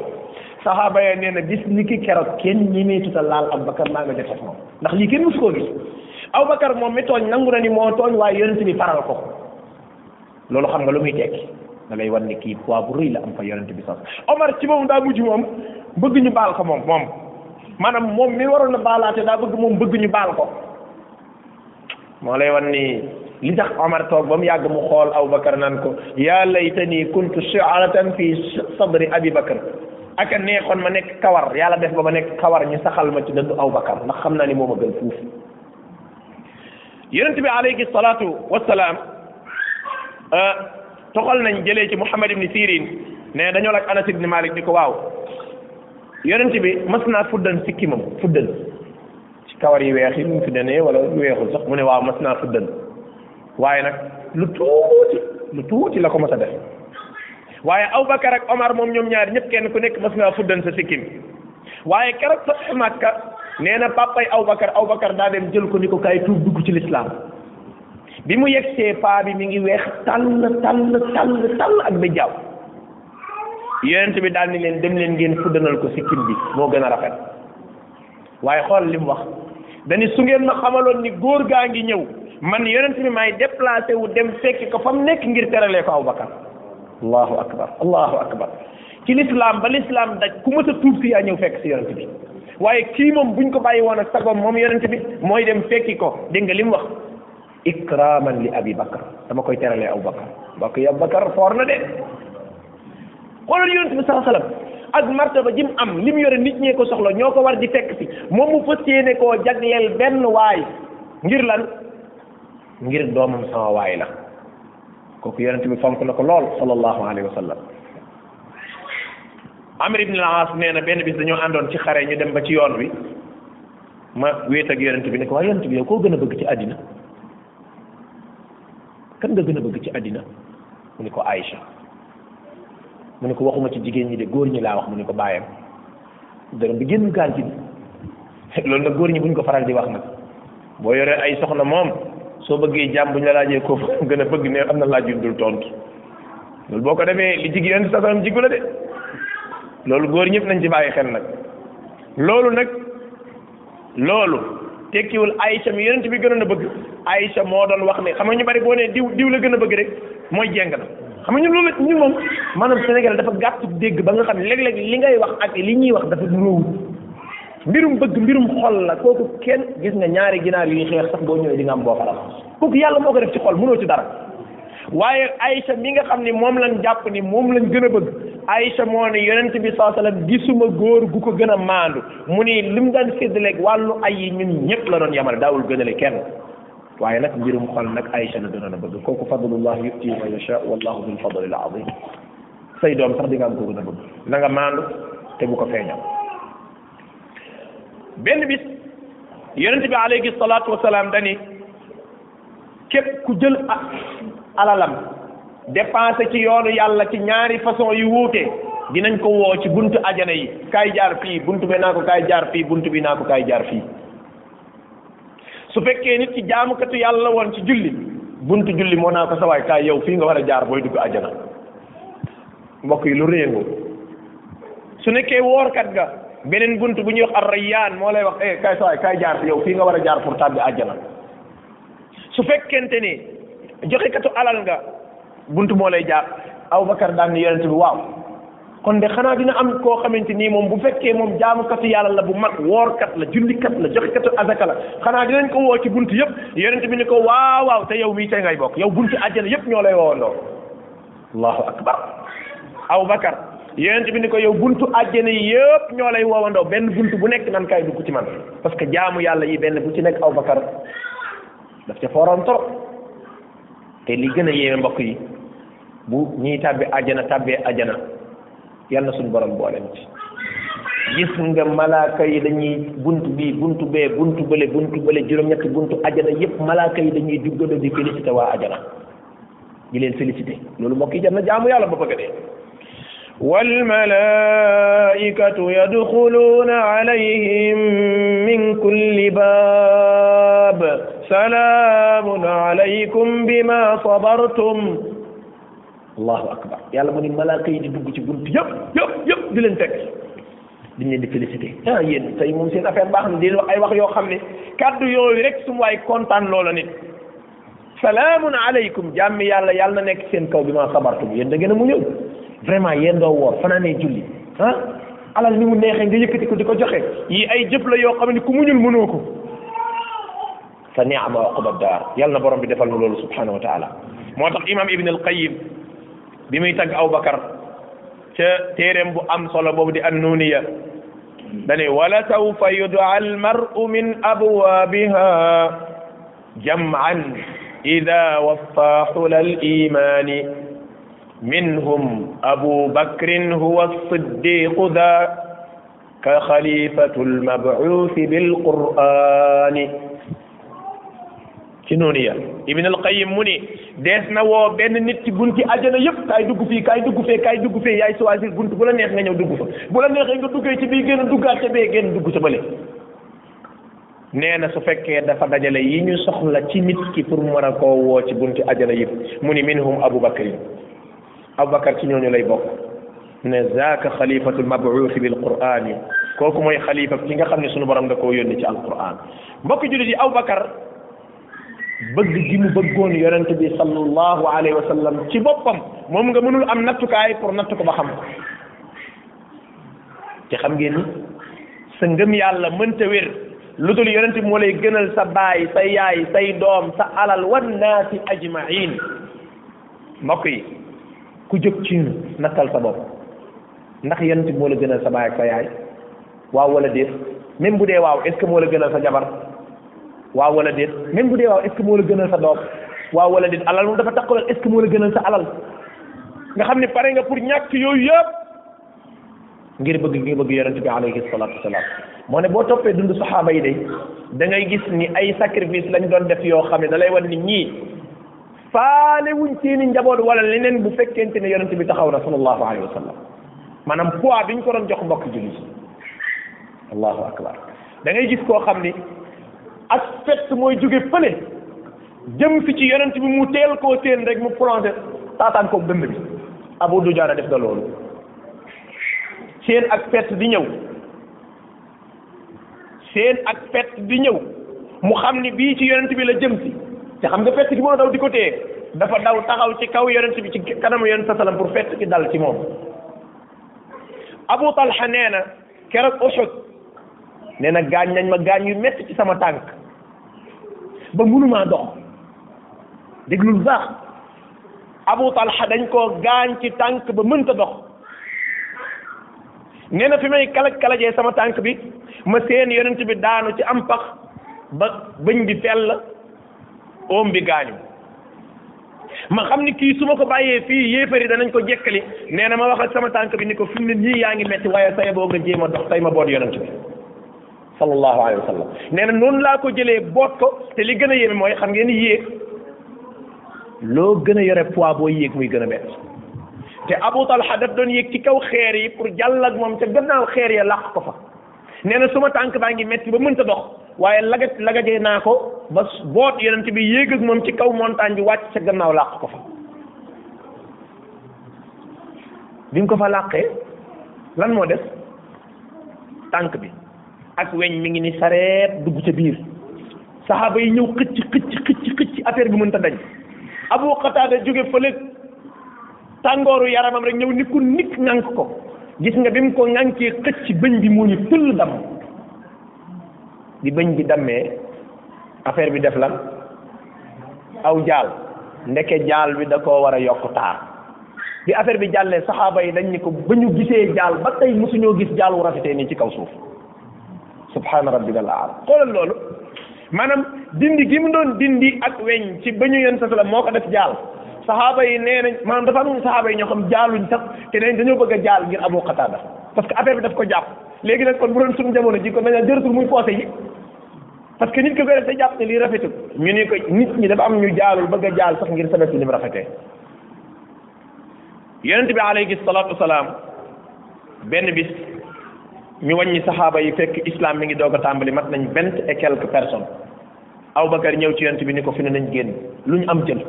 saxaaba ya nee na bis ni ki keroog kenn ñemeetu ta laal Aboubacar maa nga jot ak moom ndax lii kenn musu koo gis Aboubacar moom mi tooñ nangu na ni moo tooñ waaye yonent bi faral ko loolu xam nga lu muy tekki. da lay wan ne kii poids bu rëy la am fa yonente bi sax Omar ci moom daa mujj moom bëgg ñu baal ko moom moom maanaam moom mi waroon a baalaate daa bëgg moom bëgg ñu baal ko moo lay wan ni li tax Omar toog ba mu yàgg mu xool Aboubacar naan ko yaa laytani kuntu shi'ratan fi sadri Abi Bakr ak a neexoon ma nekk kawar yàlla def ba ma nekk kawar ñu saxal ma ci dëndu Aboubacar ndax xam naa ni moo ma gën fuuf yonente bi alayhi salaatu wassalaam euh, toxal nañ jëlee ci Muhammad ibn Sirin ne dañoo laaj Anas ibn Malik ni ko waaw yonent bi mas naa fuddan sikkimam fuddan ci kawar yi weex yi mu fuddanee wala weexul sax mu ne waaw mas naa fuddan waaye nag lu tuuti lu tuuti la ko mas a def waaye Abubakar ak Omar moom ñoom ñaar ñëpp kenn ku nekk mas naa fuddan sa sikkim waaye keroog sax Makka nee na papay Abubakar Abubakar daa dem jël ko ni ko kaay tuub dugg ci lislaam bi mu yegsee paa bi mi ngi weex tàll tàll tàll tàll ak bi jaaw yonent bi daal ni leen dem leen ngeen fuddanal ko sikkim bi moo gën a rafet waaye xool li mu wax dani su ngeen ma xamaloon ni góor gaa ngi ñëw man yonent bi maay déplacé wu dem fekki ko fa mu nekk ngir teralee ko Abubakar allahu akbar allahu akbar ci lislaam ba lislaam daj ku mës a tuub si yaa ñëw fekk ci yonent bi waaye kii moom buñ ko bàyyi woon ak sagoom moom yonent bi mooy dem fekki ko dégg nga li mu ikraman li abi bakar dama koy teralee abu bakar mbokk yi abu bakar foor na de xoolal yonent bi saa sallam ak martaba jim am li nit ñee ko soxla ñoo ko war di fekk si moom mu fas yéene koo jagleel benn waay ngir lan ngir doomam sama waay la kooku yonent bi fonk na ko lool sallallahu alayhi wa sallam amir ibn al nee na benn bis dañoo àndoon ci xare ñu dem ba ci yoon wi ma wéet ak bi ne ko waaye yonent bi yow koo gën a bëgg ci àddina kan nga gën a bëgg ci àddina mu ne ko Aïcha mu ni ko waxuma ci jigéen ñi de góor ñi laa wax mu ni ko bàyyam dërëm bi génn gaal ci bi loolu nag góor ñi buñ ko faral di wax nag boo yoree ay soxna moom soo bëggee jàmm bu ñu la laajee ko gën a bëgg ne am na laaj yu dul tontu loolu boo ko defee li jigéen sa salam jiggu la de loolu góor ñëpp nañ ci bàyyi xel nag loolu nag loolu tekkiwul Aïcha mi yonent bi gënoon na bëgg Aïcha moo doon wax ne xam nga ñu bari boo nee diw diw la gën a bëgg rek mooy jeng na xam nga ñun loolu ñun moom maanaam Sénégal dafa gàtt dégg ba nga xam ne léeg-léeg li ngay wax ak li ñuy wax dafa nuróowul mbirum bëgg mbirum xol la kooku kenn gis nga ñaari ginaar yuy xeex sax boo ñëwee di nga am boo xaram kooku yàlla moo ko def ci xol mënoo ci dara waaye Aïcha mi nga xam ni moom lañ jàpp ni moom lañ gën a bëgg Aïcha moo ne yonent bi saa sallam góor gu ko gën a maandu mu ni li mu daan séddaleeg wàllu ay yi ñun ñëpp la doon yamale daawul gënale kenn waaye nag mbirum xol nag Aïcha la gënoon a bëgg kooku fadlullah yutti ma yasha wallahu dul fadlil azim say doom sax di nga am ko gën a bëgg na nga maandu te bu ko feeñal benn bis yonent bi alayhi salaatu wasalaam dani képp ku jël alalam dépensé ci yoonu yàlla ci ñaari façon yu wuute dinañ ko woo ci buntu ajana yi kaay jaar fii bunt bi naa ko kaay jaar fii buntu bi naa jaar fii su fekkee nit ci jaamukatu yàlla woon ci julli bunt julli moo naa ko sawaay kaay yow fii nga war a jaar booy dugg ajana mbokk yi lu réengu su nekkee woorkat ga beneen buntu bu ñuy wax ar rayyaan moo lay wax eh kaay sawaay kaay jaar fi yow fii nga war a jaar pour tàbbi ajana su fekkente ne joxekatu alal nga bunt moo lay jaar Abubakar daan ni yonent bi waaw kon de xanaa dina am koo xamante nii moom bu fekkee moom jaamukatu yàlla la bu mag woorkat la jullikat la joxekatu azaka la xanaa dinañ ko woo ci bunt yëpp yonent bi ni ko waaw waaw te yow mii tey ngay bokk yow bunti àjjana yëpp ñoo lay woowandoo allahu akbar Abubakar yonent bi ko yow buntu àjjana yi yëpp ñoo lay woowandoo benn bunt bu nekk nan kaay dugg ci man parce que jaamu yàlla yi benn bu ci nekk Abubakar daf ca fooroon trop te li gën a yéeme mbokk yi bu ñiy tàbbi ajana tàbbee ajana yal na suñu borom boole ci gis a malaaka yi dañuy buntu bii buntu bee buntu bële buntu bële juróom-ñetti buntu ajana yépp malaaka yi dañuy duggaloo di félicité waa ajana di leen félicité loolu mbokk yi jar jaamu yàlla ba bëgg dee walmalaikatu yadxuluuna alayhim min kulli baab salaamun alaykum bima sabartum allahu akbar yàlla mu ni malaaka yi di dugg ci bunt yëpp yëpp yëpp di leen teg di leen di félicité ah yéen tey moom seen affaire baax na di wax ay wax yoo xam ne kàddu yooyu rek su mu waay kontaan loola nit salaamun alaykum jàmmi yàlla yàlla na nekk seen kaw bi ma sabartum yéen da ngeen a mu ñëw vraiment da doo woor fanaanee julli ah alal ni mu neexee nga yëkkati ko di ko joxe yi ay jëf la yoo xam ne ku muñul mënoo ko te ni'ama uqba dar yal na borom bi defal nu loolu subhanahu wa ta'ala moo tax imam ibn al qayyim bi muy tag aw bakar ca téeréem bu am solo boobu di an nuniya dane wala sawfa yud'a al mar'u min abwabiha jam'an إذا وفى حل الإيمان منهم أبو بكر هو الصديق ذا كخليفة المبعوث بالقرآن ci noonu ya ibn al qayyim mu ni dees na woo benn nit ci bunti aljana yépp kaay dugg fii kaay dugg fee kaay dugg fee yaay choisir bunt bu la neex nga ñëw dugg fa bu la neexee nga duggee ci bii génn duggaat ca bee génn dugg ca bële nee na su fekkee dafa dajale yi ñu soxla ci nit ki pour mën a koo woo ci bunti àjjana yépp mu ni minhum abubakar abubakar ci ñooñu lay bokk ne zaaka xalifatul mabuuxi bil qur'an kooku mooy xalifa ki nga xam ne sunu borom da koo yónni ci alquran mbokk julit yi abubakar bëgg gi mu bëggoon yonent bi sallallahu alayhi wa sallam ci boppam moom nga mënul am nattukaay pour natt ko ba xam ci xam ngeen ni sa ngëm yàlla mënta wér lu dul yonent bi moo gënal sa baay sa yaay say doom sa alal wan naasi ajmain mbokk yi ku jóg ci ñu nattal sa bopp ndax yonent bi moo gënal sa baay ak sa yaay waaw wala déet même bu dee waaw est ce que la gënal sa jabar waaw wala déet même bu dee waaw est-ce que moo sa doom waaw wala déet alal moom dafa takkalal est-ce que moo la alal nga xam ni pare nga pour ñàkk yooyu yëpp ngir bëgg ngir bëgg yonente bi alayhi salaatu wasalaam moo ne boo toppee dund saxaaba yi de da gis ni ay sacrifice lañ doon def yoo xam ne da lay wan ni ñii faale wuñ seeni njaboot wala leneen bu fekkente ne yonente bi taxaw na sallallahu alayhi wa sallam maanaam poids bi ñu ko doon jox mbokk jullit allahu akbar da gis koo xam ni ak fett mooy jóge fële jëm fi ci yonent bi mu teel koo seen rek mu plongé taataan koog dënd bi Abu Dujaana def na loolu seen ak fett di ñëw seen ak fett di ñëw mu xam ni bii ci yonent bi la jëm si te xam nga fett gi moo daw di ko tee dafa daw taxaw ci kaw yonent bi ci kanamu yonent sa salam pour fett ci dal ci moom Abu Talha nee na keroog Uhud nee na gaañ nañ ma gaañ yu metti ci sama tànk ba mënumaa dox déglu lu baax Abu Talha dañ ko gaañ ci tànk ba mënta dox nee na fi may kalaj jee sama tànk bi ma seen yonent bi daanu ci am pax ba bëñ bi fell oom bi gaañu ma xam ni kii su ma ko bàyyee fii yéefari danañ ko jekkali nee na ma wax ak sama tànk bi ni ko fi mu ne nii yaa ngi metti waaye saye boo nga jéem dox tey ma boot yonent bi صلى الله عليه وسلم نانا نون لاكو جيلي بوك تي لي گنا يمي موي خام ген ييك لو گنا يوري فوا بو ييك موي گنا ميت تي ابو طلحه دا دون ييك تي كاو خير يي پور جالاك موم تي گنا خير يي لاخ كو فا نانا سوما تانك باغي ميتي با مونتا دوخ waye lagat lagaje nako bas bot yonent bi yeg ak mom ci kaw montagne bi wacc ci gannaaw laq ko fa bim ko fa laqé lan mo def tank bi ak weñ mi ngi ni sareet dugg ca biir saxaaba yi ñëw xëcc xëcc xëcc xëcc affaire bi mënta dañ abu xataada jóge fële tàngooru yaramam rek ñëw ni ku nit ŋànk ko gis nga bi mu ko ŋànkee xëcc bëñ bi mu ñu tëll dam di bëñ bi dammee affaire bi def la aw jaal ndeke jaal bi da koo war a yokk taar bi affaire bi jàllee saxaaba yi dañ ni ko ba ñu gisee jaal ba tey mosuñoo gis jaal wu rafetee nii ci kaw suuf subhaana rabbika al aala xoolal loolu maanaam dindi gi mu doon dindi ak weñ ci ba ñu yéen sa moo ko def jaal saxaaba yi nee nañ maanaam dafa am saxaaba yi ñoo xam jaaluñ sax te nee dañoo bëgg a jaal ngir Abu Qataada parce que affaire bi daf ko jàpp léegi nag kon bu doon suñu jamono ji kon dañoo jëratul muy poosé yi parce que nit ki koy def te jàpp ne lii rafetul ñu nit ñi dafa am ñu jaalul bëgg a jaal sax ngir sabab bi ni mu rafetee yonent bi alayhi salaatu wasalaam benn bis ñu wàññi saxaaba yi fekk islaam mi ngi doog a tàmbali mat nañ vingt et quelques aw Abubakar ñëw ci yonent bi ni ko fi ne nañ génn lu ñu am jël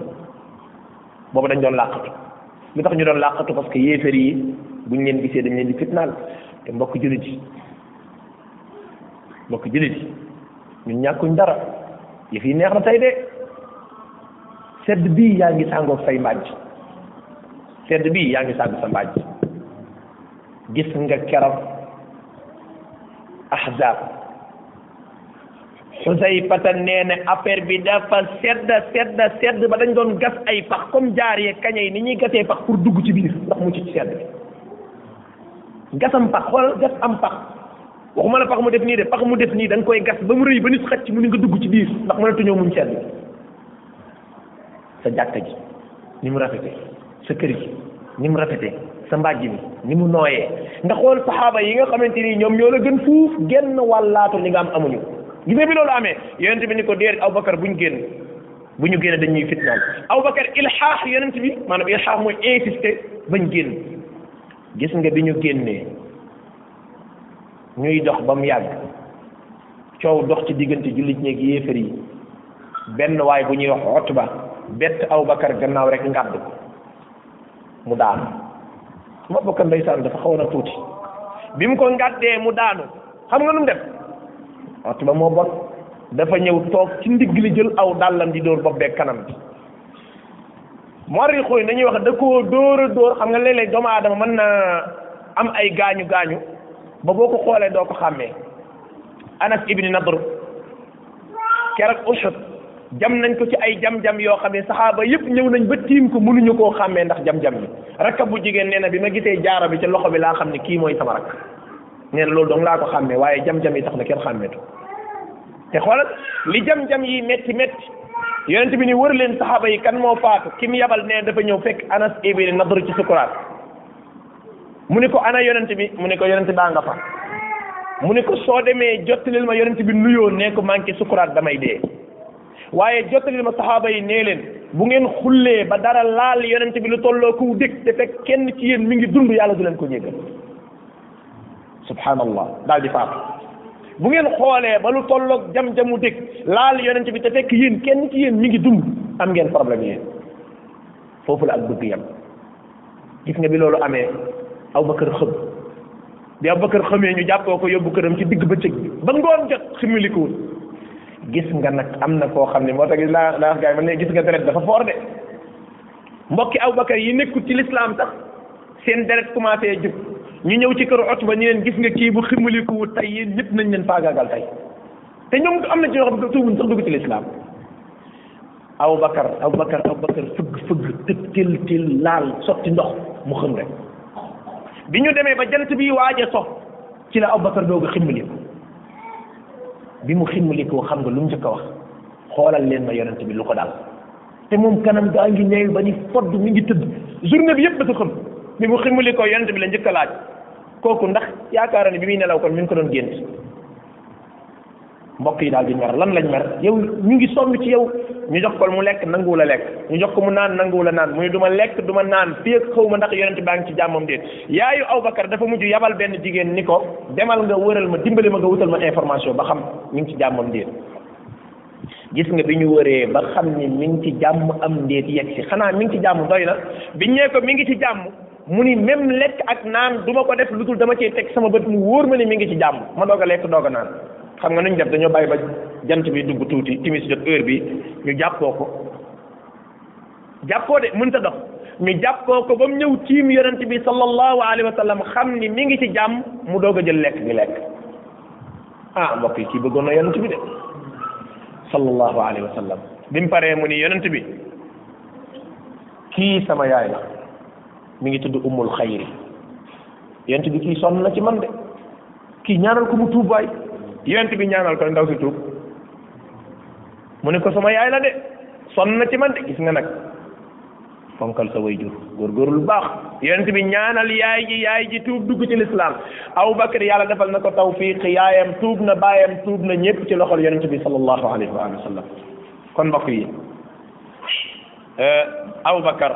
boobu dañ doon làqatu lu tax ñu doon làqatu parce que yéefar yi buñ leen gisee dañ leen di fitnaal te mbokk jullit yi mbokk jullit ñu ñàkkuñ dara yi fi neex na tey de sedd bii yaa ngi sàngoog say mbaaj sedd bii yaa ngi sàngu sa mbaaj gis nga keroog ahzab xusayfatan nee na affaire bi dafa sedd sedd sedd ba dañ doon gas ay pax comme jaar yee kañay ni ñuy gasee pax pour dugg ci biir ndax mu ci sedd bi gasam pax xool gas am pax ma la pax mu def nii de pax mu def nii da koy gas ba mu rëy ba nit xëcc mu ni nga dugg ci biir ndax mënatuñoo muñ sedd bi sa jàkka ji ni mu rafetee sa kër gi ni mu rafetee sa mbàjj mi ni mu nooyee nga xool saxaaba yi nga xamante ni ñoom ñoo la gën fuuf genn wàllaatu li nga am amuñu gis nga bi loolu amee yonent bi ni ko déer Abubakar bu ñu génn bu ñu génn dañuy fitnaal Abubakar ilxaax yonent bi maanaam ilxaax mooy insister bañ génn gis nga bi ñu génnee ñuy dox ba mu yàgg coow dox ci diggante jullit ñeeg yéefar yi benn waay bu ñuy wax Utba bett Abubakar gannaaw rek ngàdd mu daanu ma bakkan ndeysaan dafa xaw na tuuti bi mu ko ngàddee mu daanu xam nga nu mu def Utba moo bon dafa ñëw toog ci ndigg li jël aw dàllam di dóor bopp beeg kanam bi morixu yi dañuy wax da koo dóor dóor xam nga léeg-léeg doomu aadama mën na am ay gaañu gaañu ba boo ko xoolee doo ko xàmmee Anas ibni Nadr keroog Uhud jam nañ ko ci ay jam-jam yoo xam ne saxaaba yëpp ñëw nañ ba tiim ko mënuñu koo xàmmee ndax jam-jam yi rakka bu jigéen nee na bi ma gisee jaaro bi ci loxo bi laa xam ne kii mooy sama rakk nee na loolu dong laa ko xàmmee waaye jam-jam yi tax na kenn xàmmeetu te xoolal li jam-jam yi metti metti yonent bi ni wër leen saxaaba yi kan moo faatu ki mu yabal nee dafa ñëw fekk anas na nadr ci sukuraat mu ne ko ana yonent bi mu ni ko yonent baa nga mu ni soo demee jottalil ma yonent bi nuyoo nee ko manqué sukuraat damay dee waaye jottalil ma saxaaba yi nee leen bu ngeen xullee ba dara laal yonent bi lu tolloo ku dëkk te fekk kenn ci yéen mi ngi dund yàlla du leen ko jéggal subhanallah daal di faatu bu ngeen xoolee ba lu tolloog jam-jamu dëkk laal yonent bi te fekk yéen kenn ci yéen mi ngi dund am ngeen problème yéen foofu la ak dugg yam gis nga bi loolu amee Abubakar xëm bi Abubakar xamee ñu jàppoo ko yóbbu këram ci digg bëccëg bi ba ngoon jot ximilikuwul gis nga nag am na koo xam ne moo tax laa laa gars man ne gis nga deret dafa foor de mbokki Abubakar yi nekkul ci lislaam sax seen deret commencé jub ñu ñëw ci kër ba ñu leen gis nga kii bu ximaliku tey yéen ñëpp nañ leen faagaagal tey te ñoom am na ci yoo xam ne tuubuñ sax dugg ci lislaam Abubakar Abubakar Abubakar fëgg fëgg tëb til til laal sotti ndox mu xëm de bi ñu demee ba jant bii waaja so ci la Abubakar doog a ximaliku bi mu ximmalikoo xam lu mu njëkk a wax xoolal leen ma yonent bi lu ko daal te moom kanam gaa ngi ñëw ba ni fodd mi ngi tëdd journée bi yëpp dafa xam bi mu ximmalikoo yonent bi la njëkk laaj kooku ndax yaakaar ne bi muy nelaw kon mi ngi ko doon gént mbokk yi daal di mer lan lañ mer yow ñu ngi sonn ci yow ñu jox ko mu lekk nanguwu la lekk ñu jox ko mu naan nanguwu la naan mu ne du lekk du naan fii xaw ma ndax yonent baa ngi ci jàmmam déet yaayu Abubakar dafa mujj yabal benn jigéen ni ko demal nga wëral ma dimbali ma nga wutal ma information ba xam mi ngi ci jàmmam déet nga bi ñu wëree xam ni mi ngi ci jàmm am ndéet yegg si xanaa mi ngi ci jàmm doy na biñ ñee ko mi ngi ci jàmm mu ni même lekk ak naan du ma ko def lutul dama cee teg sama bët mu wóor ma ni mi ngi ci jàmm ma doog a lekk doog a naan xam nga nuñ def dañoo bàyyi ba jant bi dugg tuuti timis jot heure bi ñu jàppoo ko jàppoo de mënta dox ñu jàppoo ko ba mu ñëw tiim yonent bi sallallahu alayhi wa xam ni mi ngi ci jàmm mu doog a jël lekk bi lekk ah mbokk yi kii bëggoon na yonent bi de sallallahu alayhi wa sallam bi mu paree mu ni yonent bi kii sama yaay la mi ngi tudd ummul xayri yonent bi kii sonn na ci man de kii ñaanal ko mu tuubaay yonent bi ñaanal ko ndaw si tuub mu ne ko sama yaay la de sonn na ci man de gis nga nag fonkal sa way jur góorgóor lu baax yonent bi ñaanal yaay ji yaay ji tuub dugg ci lislaam Abu Bakar yàlla defal na ko tawfiq yaayam tuub na baayam tuub na ñépp ci loxol yonent bi sallallahu alayhi wa sallam kon mbokk yi eh, Abu Bakar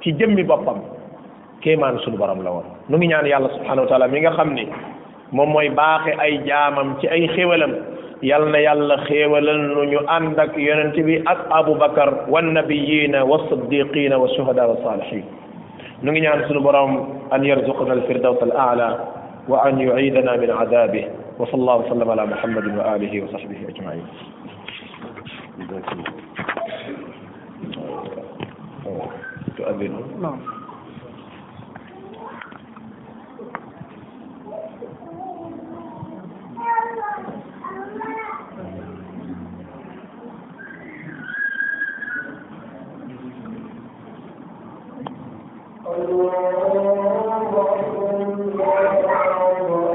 ci jëmmi boppam kéemaan sunu borom la woon nu ngi ñaan yàlla subhanahu wa taala mi nga xam ni moom mooy baaxe ay jaamam ci ay xéwalam yal na yàlla xéewalal nu ñu ànd ak yonent bi ak abubakar nabiyina wa siddiqina wa shuhada wa salihin nu ngi ñaan sunu borom an yarzuqna alfirdaws al aala wa an yuidana min adabih wa sal allahu wasallam ala muhammadin wa alihi wa sahbihi ajmain تؤذنهم نعم الله أكبر الله أكبر